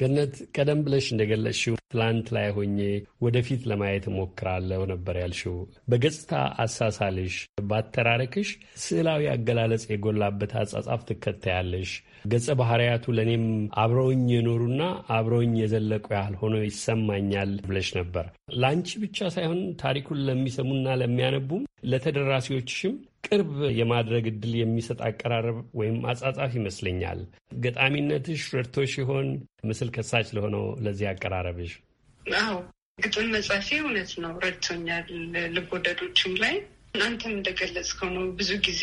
ገነት፣ ቀደም ብለሽ እንደገለጽሽው ትላንት ላይ ሆኜ ወደፊት ለማየት እሞክራለሁ ነበር ያልሽው። በገጽታ አሳሳልሽ፣ ባተራረክሽ ስዕላዊ አገላለጽ የጎላበት አጻጻፍ ትከታያለሽ። ገጸ ባህሪያቱ ለእኔም አብረውኝ የኖሩና አብረውኝ የዘለቁ ያህል ሆኖ ይሰማኛል ብለሽ ነበር። ለአንቺ ብቻ ሳይሆን ታሪኩን ለሚሰሙና ለሚያነቡም ለተደራሲዎችሽም ቅርብ የማድረግ እድል የሚሰጥ አቀራረብ ወይም አጻጻፍ ይመስለኛል። ገጣሚነትሽ ረድቶ ሲሆን ምስል ከሳች ለሆነው ለዚህ አቀራረብሽ። አዎ ግጥም መጻፊ እውነት ነው ረድቶኛል። ልብ ወለዶችም ላይ እናንተም እንደገለጽከው ነው ብዙ ጊዜ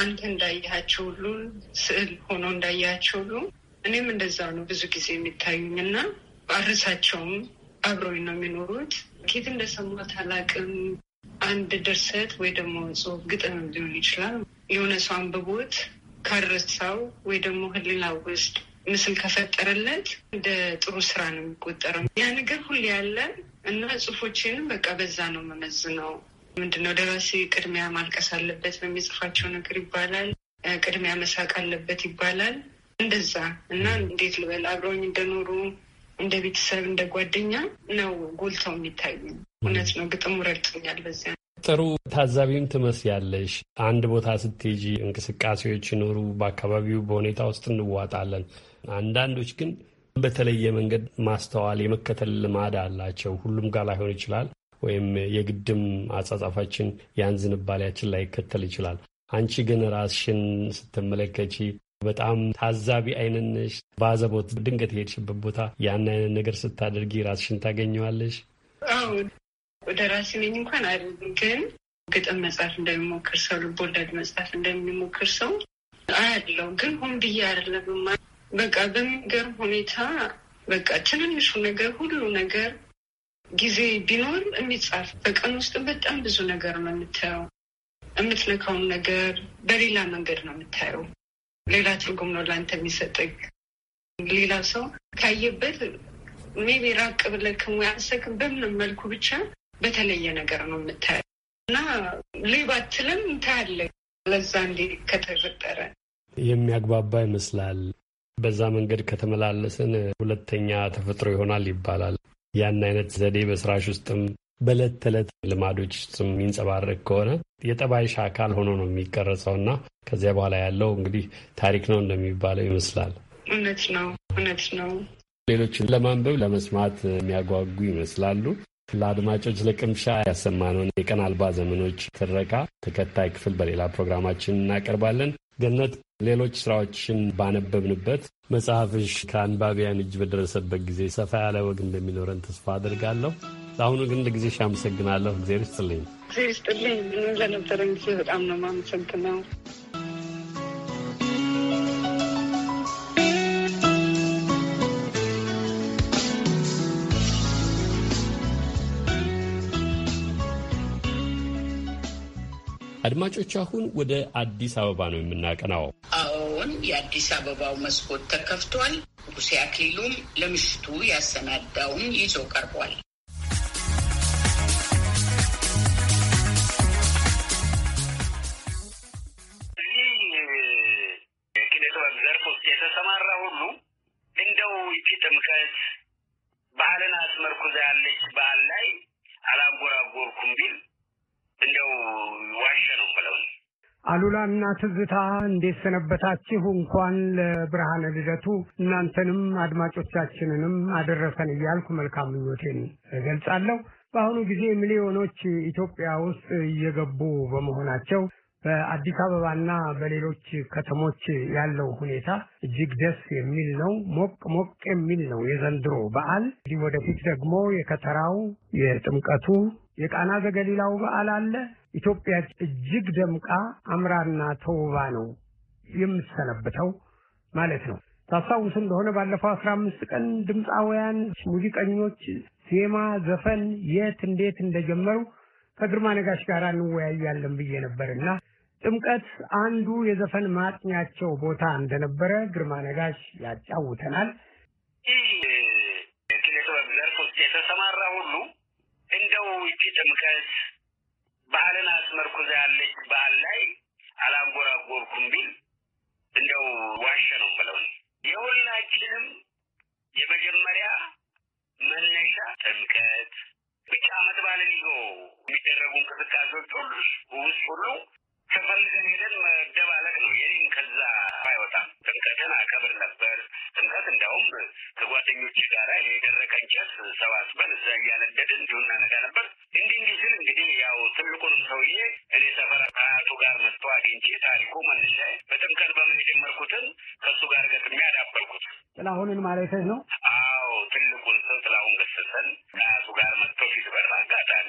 አንተ እንዳያቸው ሁሉ ስዕል ሆኖ እንዳያቸው ሁሉ እኔም እንደዛ ነው ብዙ ጊዜ የሚታዩኝ እና አርሳቸውም አብረኝ ነው የሚኖሩት። ኬት እንደሰማት አላቅም። አንድ ድርሰት ወይ ደግሞ ጽሁፍ ግጥም ሊሆን ይችላል። የሆነ ሰው አንብቦት ካረሳው ወይ ደግሞ ሕሊና ውስጥ ምስል ከፈጠረለት እንደ ጥሩ ስራ ነው የሚቆጠረው። ያ ነገር ሁሌ ያለ እና ጽሁፎችንም በቃ በዛ ነው መመዝነው። ምንድነው ደራሲ ቅድሚያ ማልቀስ አለበት በሚጽፋቸው ነገር ይባላል። ቅድሚያ መሳቅ አለበት ይባላል። እንደዛ እና እንዴት ልበል አብረውኝ እንደኖሩ እንደ ቤተሰብ እንደ ጓደኛ ነው ጎልተው የሚታዩ። እውነት ነው ግጥሙ ረድቶኛል። በዚያ ጥሩ ታዛቢም ትመስያለሽ። አንድ ቦታ ስትሄጂ እንቅስቃሴዎች ይኖሩ፣ በአካባቢው በሁኔታ ውስጥ እንዋጣለን። አንዳንዶች ግን በተለየ መንገድ ማስተዋል የመከተል ልማድ አላቸው። ሁሉም ጋር ላይሆን ይችላል። ወይም የግድም አጻጻፋችን ያን ዝንባሌያችን ላይ ይከተል ይችላል። አንቺ ግን ራስሽን ስትመለከቺ በጣም ታዛቢ አይነነሽ። በአዘቦት ድንገት የሄድሽበት ቦታ ያን አይነት ነገር ስታደርጊ ራስሽን ታገኘዋለሽ። አዎ ወደ ነኝ እንኳን አለ ግን ግጥም መጽሐፍ እንደሚሞክር ሰው ልቦለድ መጽሐፍ እንደሚሞክር ሰው አያለው። ግን ሆን ብዬ አይደለም በቃ በሚገርም ሁኔታ በቃ ትንንሹ ነገር ሁሉ ነገር ጊዜ ቢኖር የሚጻፍ በቀን ውስጥ በጣም ብዙ ነገር ነው የምታየው። የምትልከውን ነገር በሌላ መንገድ ነው የምታየው። ሌላ ትርጉም ነው ለአንተ የሚሰጥግ ሌላ ሰው ካየበት ሜቢ ራቅ ብለህ ከሙያሰክም በምንም መልኩ ብቻ በተለየ ነገር ነው የምታየው እና ሌባትልም እንታያለ ለዛ እንዲ ከተፈጠረ የሚያግባባ ይመስላል። በዛ መንገድ ከተመላለስን ሁለተኛ ተፈጥሮ ይሆናል ይባላል። ያን አይነት ዘዴ በስራሽ ውስጥም በዕለት ተዕለት ልማዶች ውስጥም የሚንጸባረቅ ከሆነ የጠባይሽ አካል ሆኖ ነው የሚቀረጸው እና ከዚያ በኋላ ያለው እንግዲህ ታሪክ ነው እንደሚባለው ይመስላል። እውነት ነው፣ እውነት ነው። ሌሎችን ለማንበብ ለመስማት የሚያጓጉ ይመስላሉ። ለአድማጮች ለቅምሻ ያሰማነውን የቀን አልባ ዘመኖች ትረካ ተከታይ ክፍል በሌላ ፕሮግራማችን እናቀርባለን። ገነት ሌሎች ስራዎችን ባነበብንበት መጽሐፍሽ ከአንባቢያን እጅ በደረሰበት ጊዜ ሰፋ ያለ ወግ እንደሚኖረን ተስፋ አድርጋለሁ። አሁኑ ግን ለጊዜሽ አመሰግናለሁ። እግዜር ይስጥልኝ። እግዜር ይስጥልኝ። ምንም ለነበረን ጊዜ በጣም ነው የማመሰግነው። አድማጮች አሁን ወደ አዲስ አበባ ነው የምናቀናው። አዎን፣ የአዲስ አበባው መስኮት ተከፍቷል። ንጉሴ አክሊሉም ለምሽቱ ያሰናዳውን ይዞ ቀርቧል። የተሰማራ ሁሉ እንደው ይቺ ጥምቀት ባህልን አስመርኩዛ ያለች ባህል ላይ አላጎራጎርኩም ቢል እንደው ዋሸ ነው ብለው አሉላና ትዝታ እንዴት ሰነበታችሁ? እንኳን ለብርሃነ ልደቱ እናንተንም አድማጮቻችንንም አደረሰን እያልኩ መልካም ምኞቴን እገልጻለሁ። በአሁኑ ጊዜ ሚሊዮኖች ኢትዮጵያ ውስጥ እየገቡ በመሆናቸው በአዲስ አበባና በሌሎች ከተሞች ያለው ሁኔታ እጅግ ደስ የሚል ነው። ሞቅ ሞቅ የሚል ነው የዘንድሮ በዓል። እንዲህ ወደፊት ደግሞ የከተራው የጥምቀቱ የቃና ዘገሊላው በዓል አለ። ኢትዮጵያ እጅግ ደምቃ አምራና ተውባ ነው የምትሰነብተው ማለት ነው። ታስታውሱ እንደሆነ ባለፈው አስራ አምስት ቀን ድምፃውያን፣ ሙዚቀኞች ዜማ፣ ዘፈን የት እንዴት እንደጀመሩ ከግርማ ነጋሽ ጋር እንወያያለን ብዬ ነበርና ጥምቀት አንዱ የዘፈን ማጥኛቸው ቦታ እንደነበረ ግርማ ነጋሽ ያጫውተናል። ይቺ ጥምቀት ባህልን አስመርኩዛ ያለች ባህል ላይ አላንጎራጎርኩም ቢል እንደው ዋሸ ነው ብለው የሁላችንም የመጀመሪያ መነሻ ጥምቀት ብቻ አመት በዓልን ይዞ የሚደረጉ እንቅስቃሴዎች ሁሉ ውስጥ ሁሉ ስንፈልግም ሄደን መደባለቅ ነው። የኔም ከዛ አይወጣም። ጥምቀትን አከብር ነበር። ጥምቀት እንዲያውም ከጓደኞች ጋራ የደረቀ እንጨት ሰባስበን እዛ እያነደድን እንዲሁ እናነጋ ነበር። እንዲህ እንዲህ ስል እንግዲህ ያው ትልቁንም ሰውዬ እኔ ሰፈር ከአያቱ ጋር መጥቶ አግኝቼ ታሪኩ መነሻ በጥምቀት በምን የጀመርኩትን ከእሱ ጋር ገጥሜ ያዳበርኩት ጥላሁንን ማለት ነው። አዎ ትልቁን ሰው ጥላሁን ገሰሰን ከአያቱ ጋር መጥቶ ፊት በር አጋጣሚ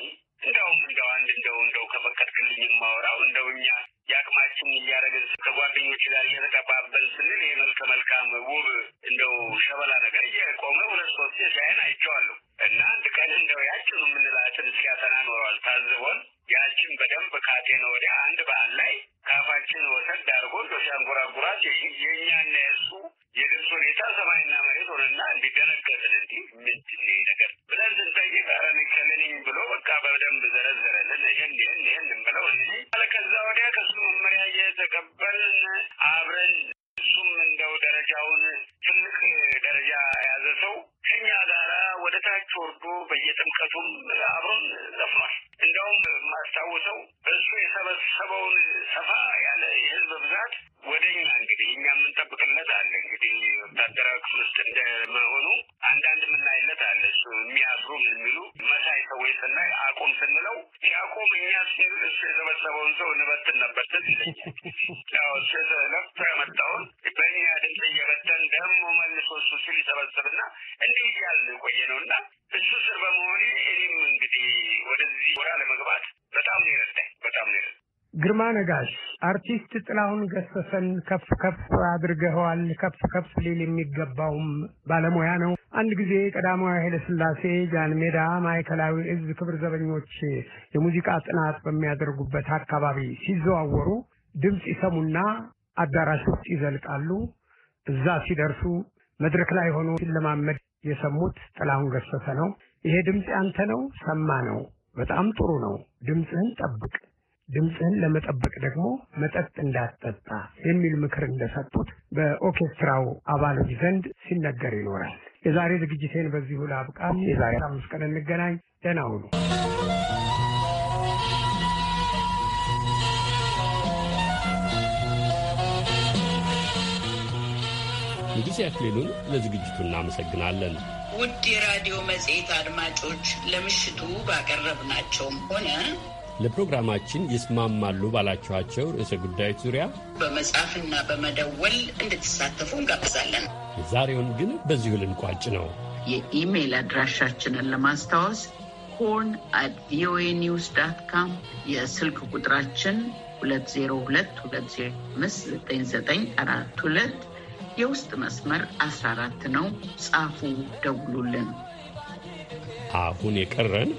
እንደውም እንደው አንድ እንደው እንደው ከፈቀድክልኝ የማወራው እንደው እኛ የአቅማችን እያደረግን ከጓደኞች ጋር እየተቀባበል ስንል ይህ መልከ መልካም ውብ እንደው ሸበላ ነገር እየቆመ ሁለት ሶስት ሲያይን አይቼዋለሁ እና አንድ ቀን እንደው ያችን የምንላትን ሲያጠና ኖረዋል ታዝቦን ያችን በደንብ ካጤነ ወዲያ አንድ በዓል ላይ ካፋችን ወሰድ አድርጎ እንደ ሲያንጎራጉራት የእኛና የእሱ የድምፅ ሁኔታ ሰማይና መሬት ሆነና እንዲደነገጥን እንዲህ ነጋሽ አርቲስት ጥላሁን ገሰሰን ከፍ ከፍ አድርገኸዋል። ከፍ ከፍ ሊል የሚገባውም ባለሙያ ነው። አንድ ጊዜ ቀዳማዊ ኃይለ ሥላሴ ጃን ሜዳ ማዕከላዊ እዝ ክብር ዘበኞች የሙዚቃ ጥናት በሚያደርጉበት አካባቢ ሲዘዋወሩ ድምፅ ይሰሙና አዳራሽ ውስጥ ይዘልቃሉ። እዛ ሲደርሱ መድረክ ላይ ሆኖ ሲለማመድ የሰሙት ጥላሁን ገሰሰ ነው። ይሄ ድምፅ ያንተ ነው፣ ሰማ ነው፣ በጣም ጥሩ ነው፣ ድምፅህን ጠብቅ ድምፅህን ለመጠበቅ ደግሞ መጠጥ እንዳትጠጣ የሚል ምክር እንደሰጡት በኦርኬስትራው አባሎች ዘንድ ሲነገር ይኖራል። የዛሬ ዝግጅቴን በዚሁ ላብቃ። የዛሬ አምስት ቀን እንገናኝ። ደህና ሁኑ። ንጉሥ ያክሌሉን ለዝግጅቱ እናመሰግናለን። ውድ የራዲዮ መጽሔት አድማጮች ለምሽቱ ባቀረብናቸውም ሆነ ለፕሮግራማችን ይስማማሉ ባላችኋቸው ርዕሰ ጉዳዮች ዙሪያ በመጻፍና በመደወል እንድትሳተፉ እንጋብዛለን። የዛሬውን ግን በዚሁ ልንቋጭ ነው። የኢሜይል አድራሻችንን ለማስታወስ ሆርን አት ቪኦኤ ኒውስ ዳት ካም፣ የስልክ ቁጥራችን 2022059942 የውስጥ መስመር 14 ነው። ጻፉ፣ ደውሉልን። አሁን የቀረን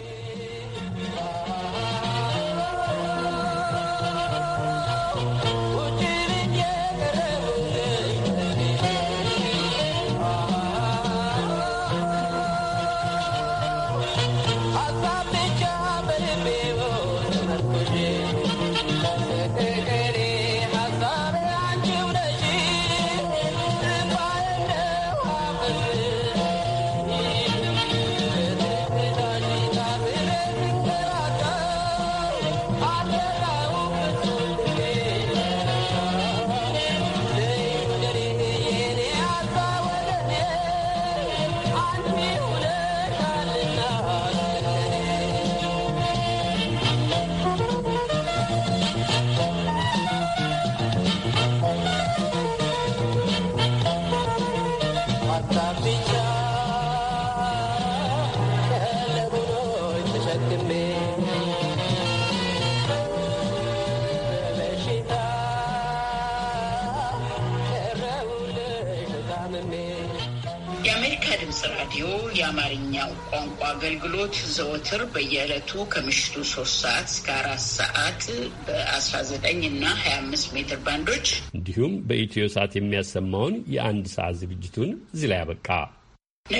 አገልግሎት ዘወትር በየዕለቱ ከምሽቱ ሶስት ሰዓት እስከ አራት ሰዓት በአስራ ዘጠኝ እና ሀያ አምስት ሜትር ባንዶች እንዲሁም በኢትዮ ሰዓት የሚያሰማውን የአንድ ሰዓት ዝግጅቱን እዚህ ላይ አበቃ።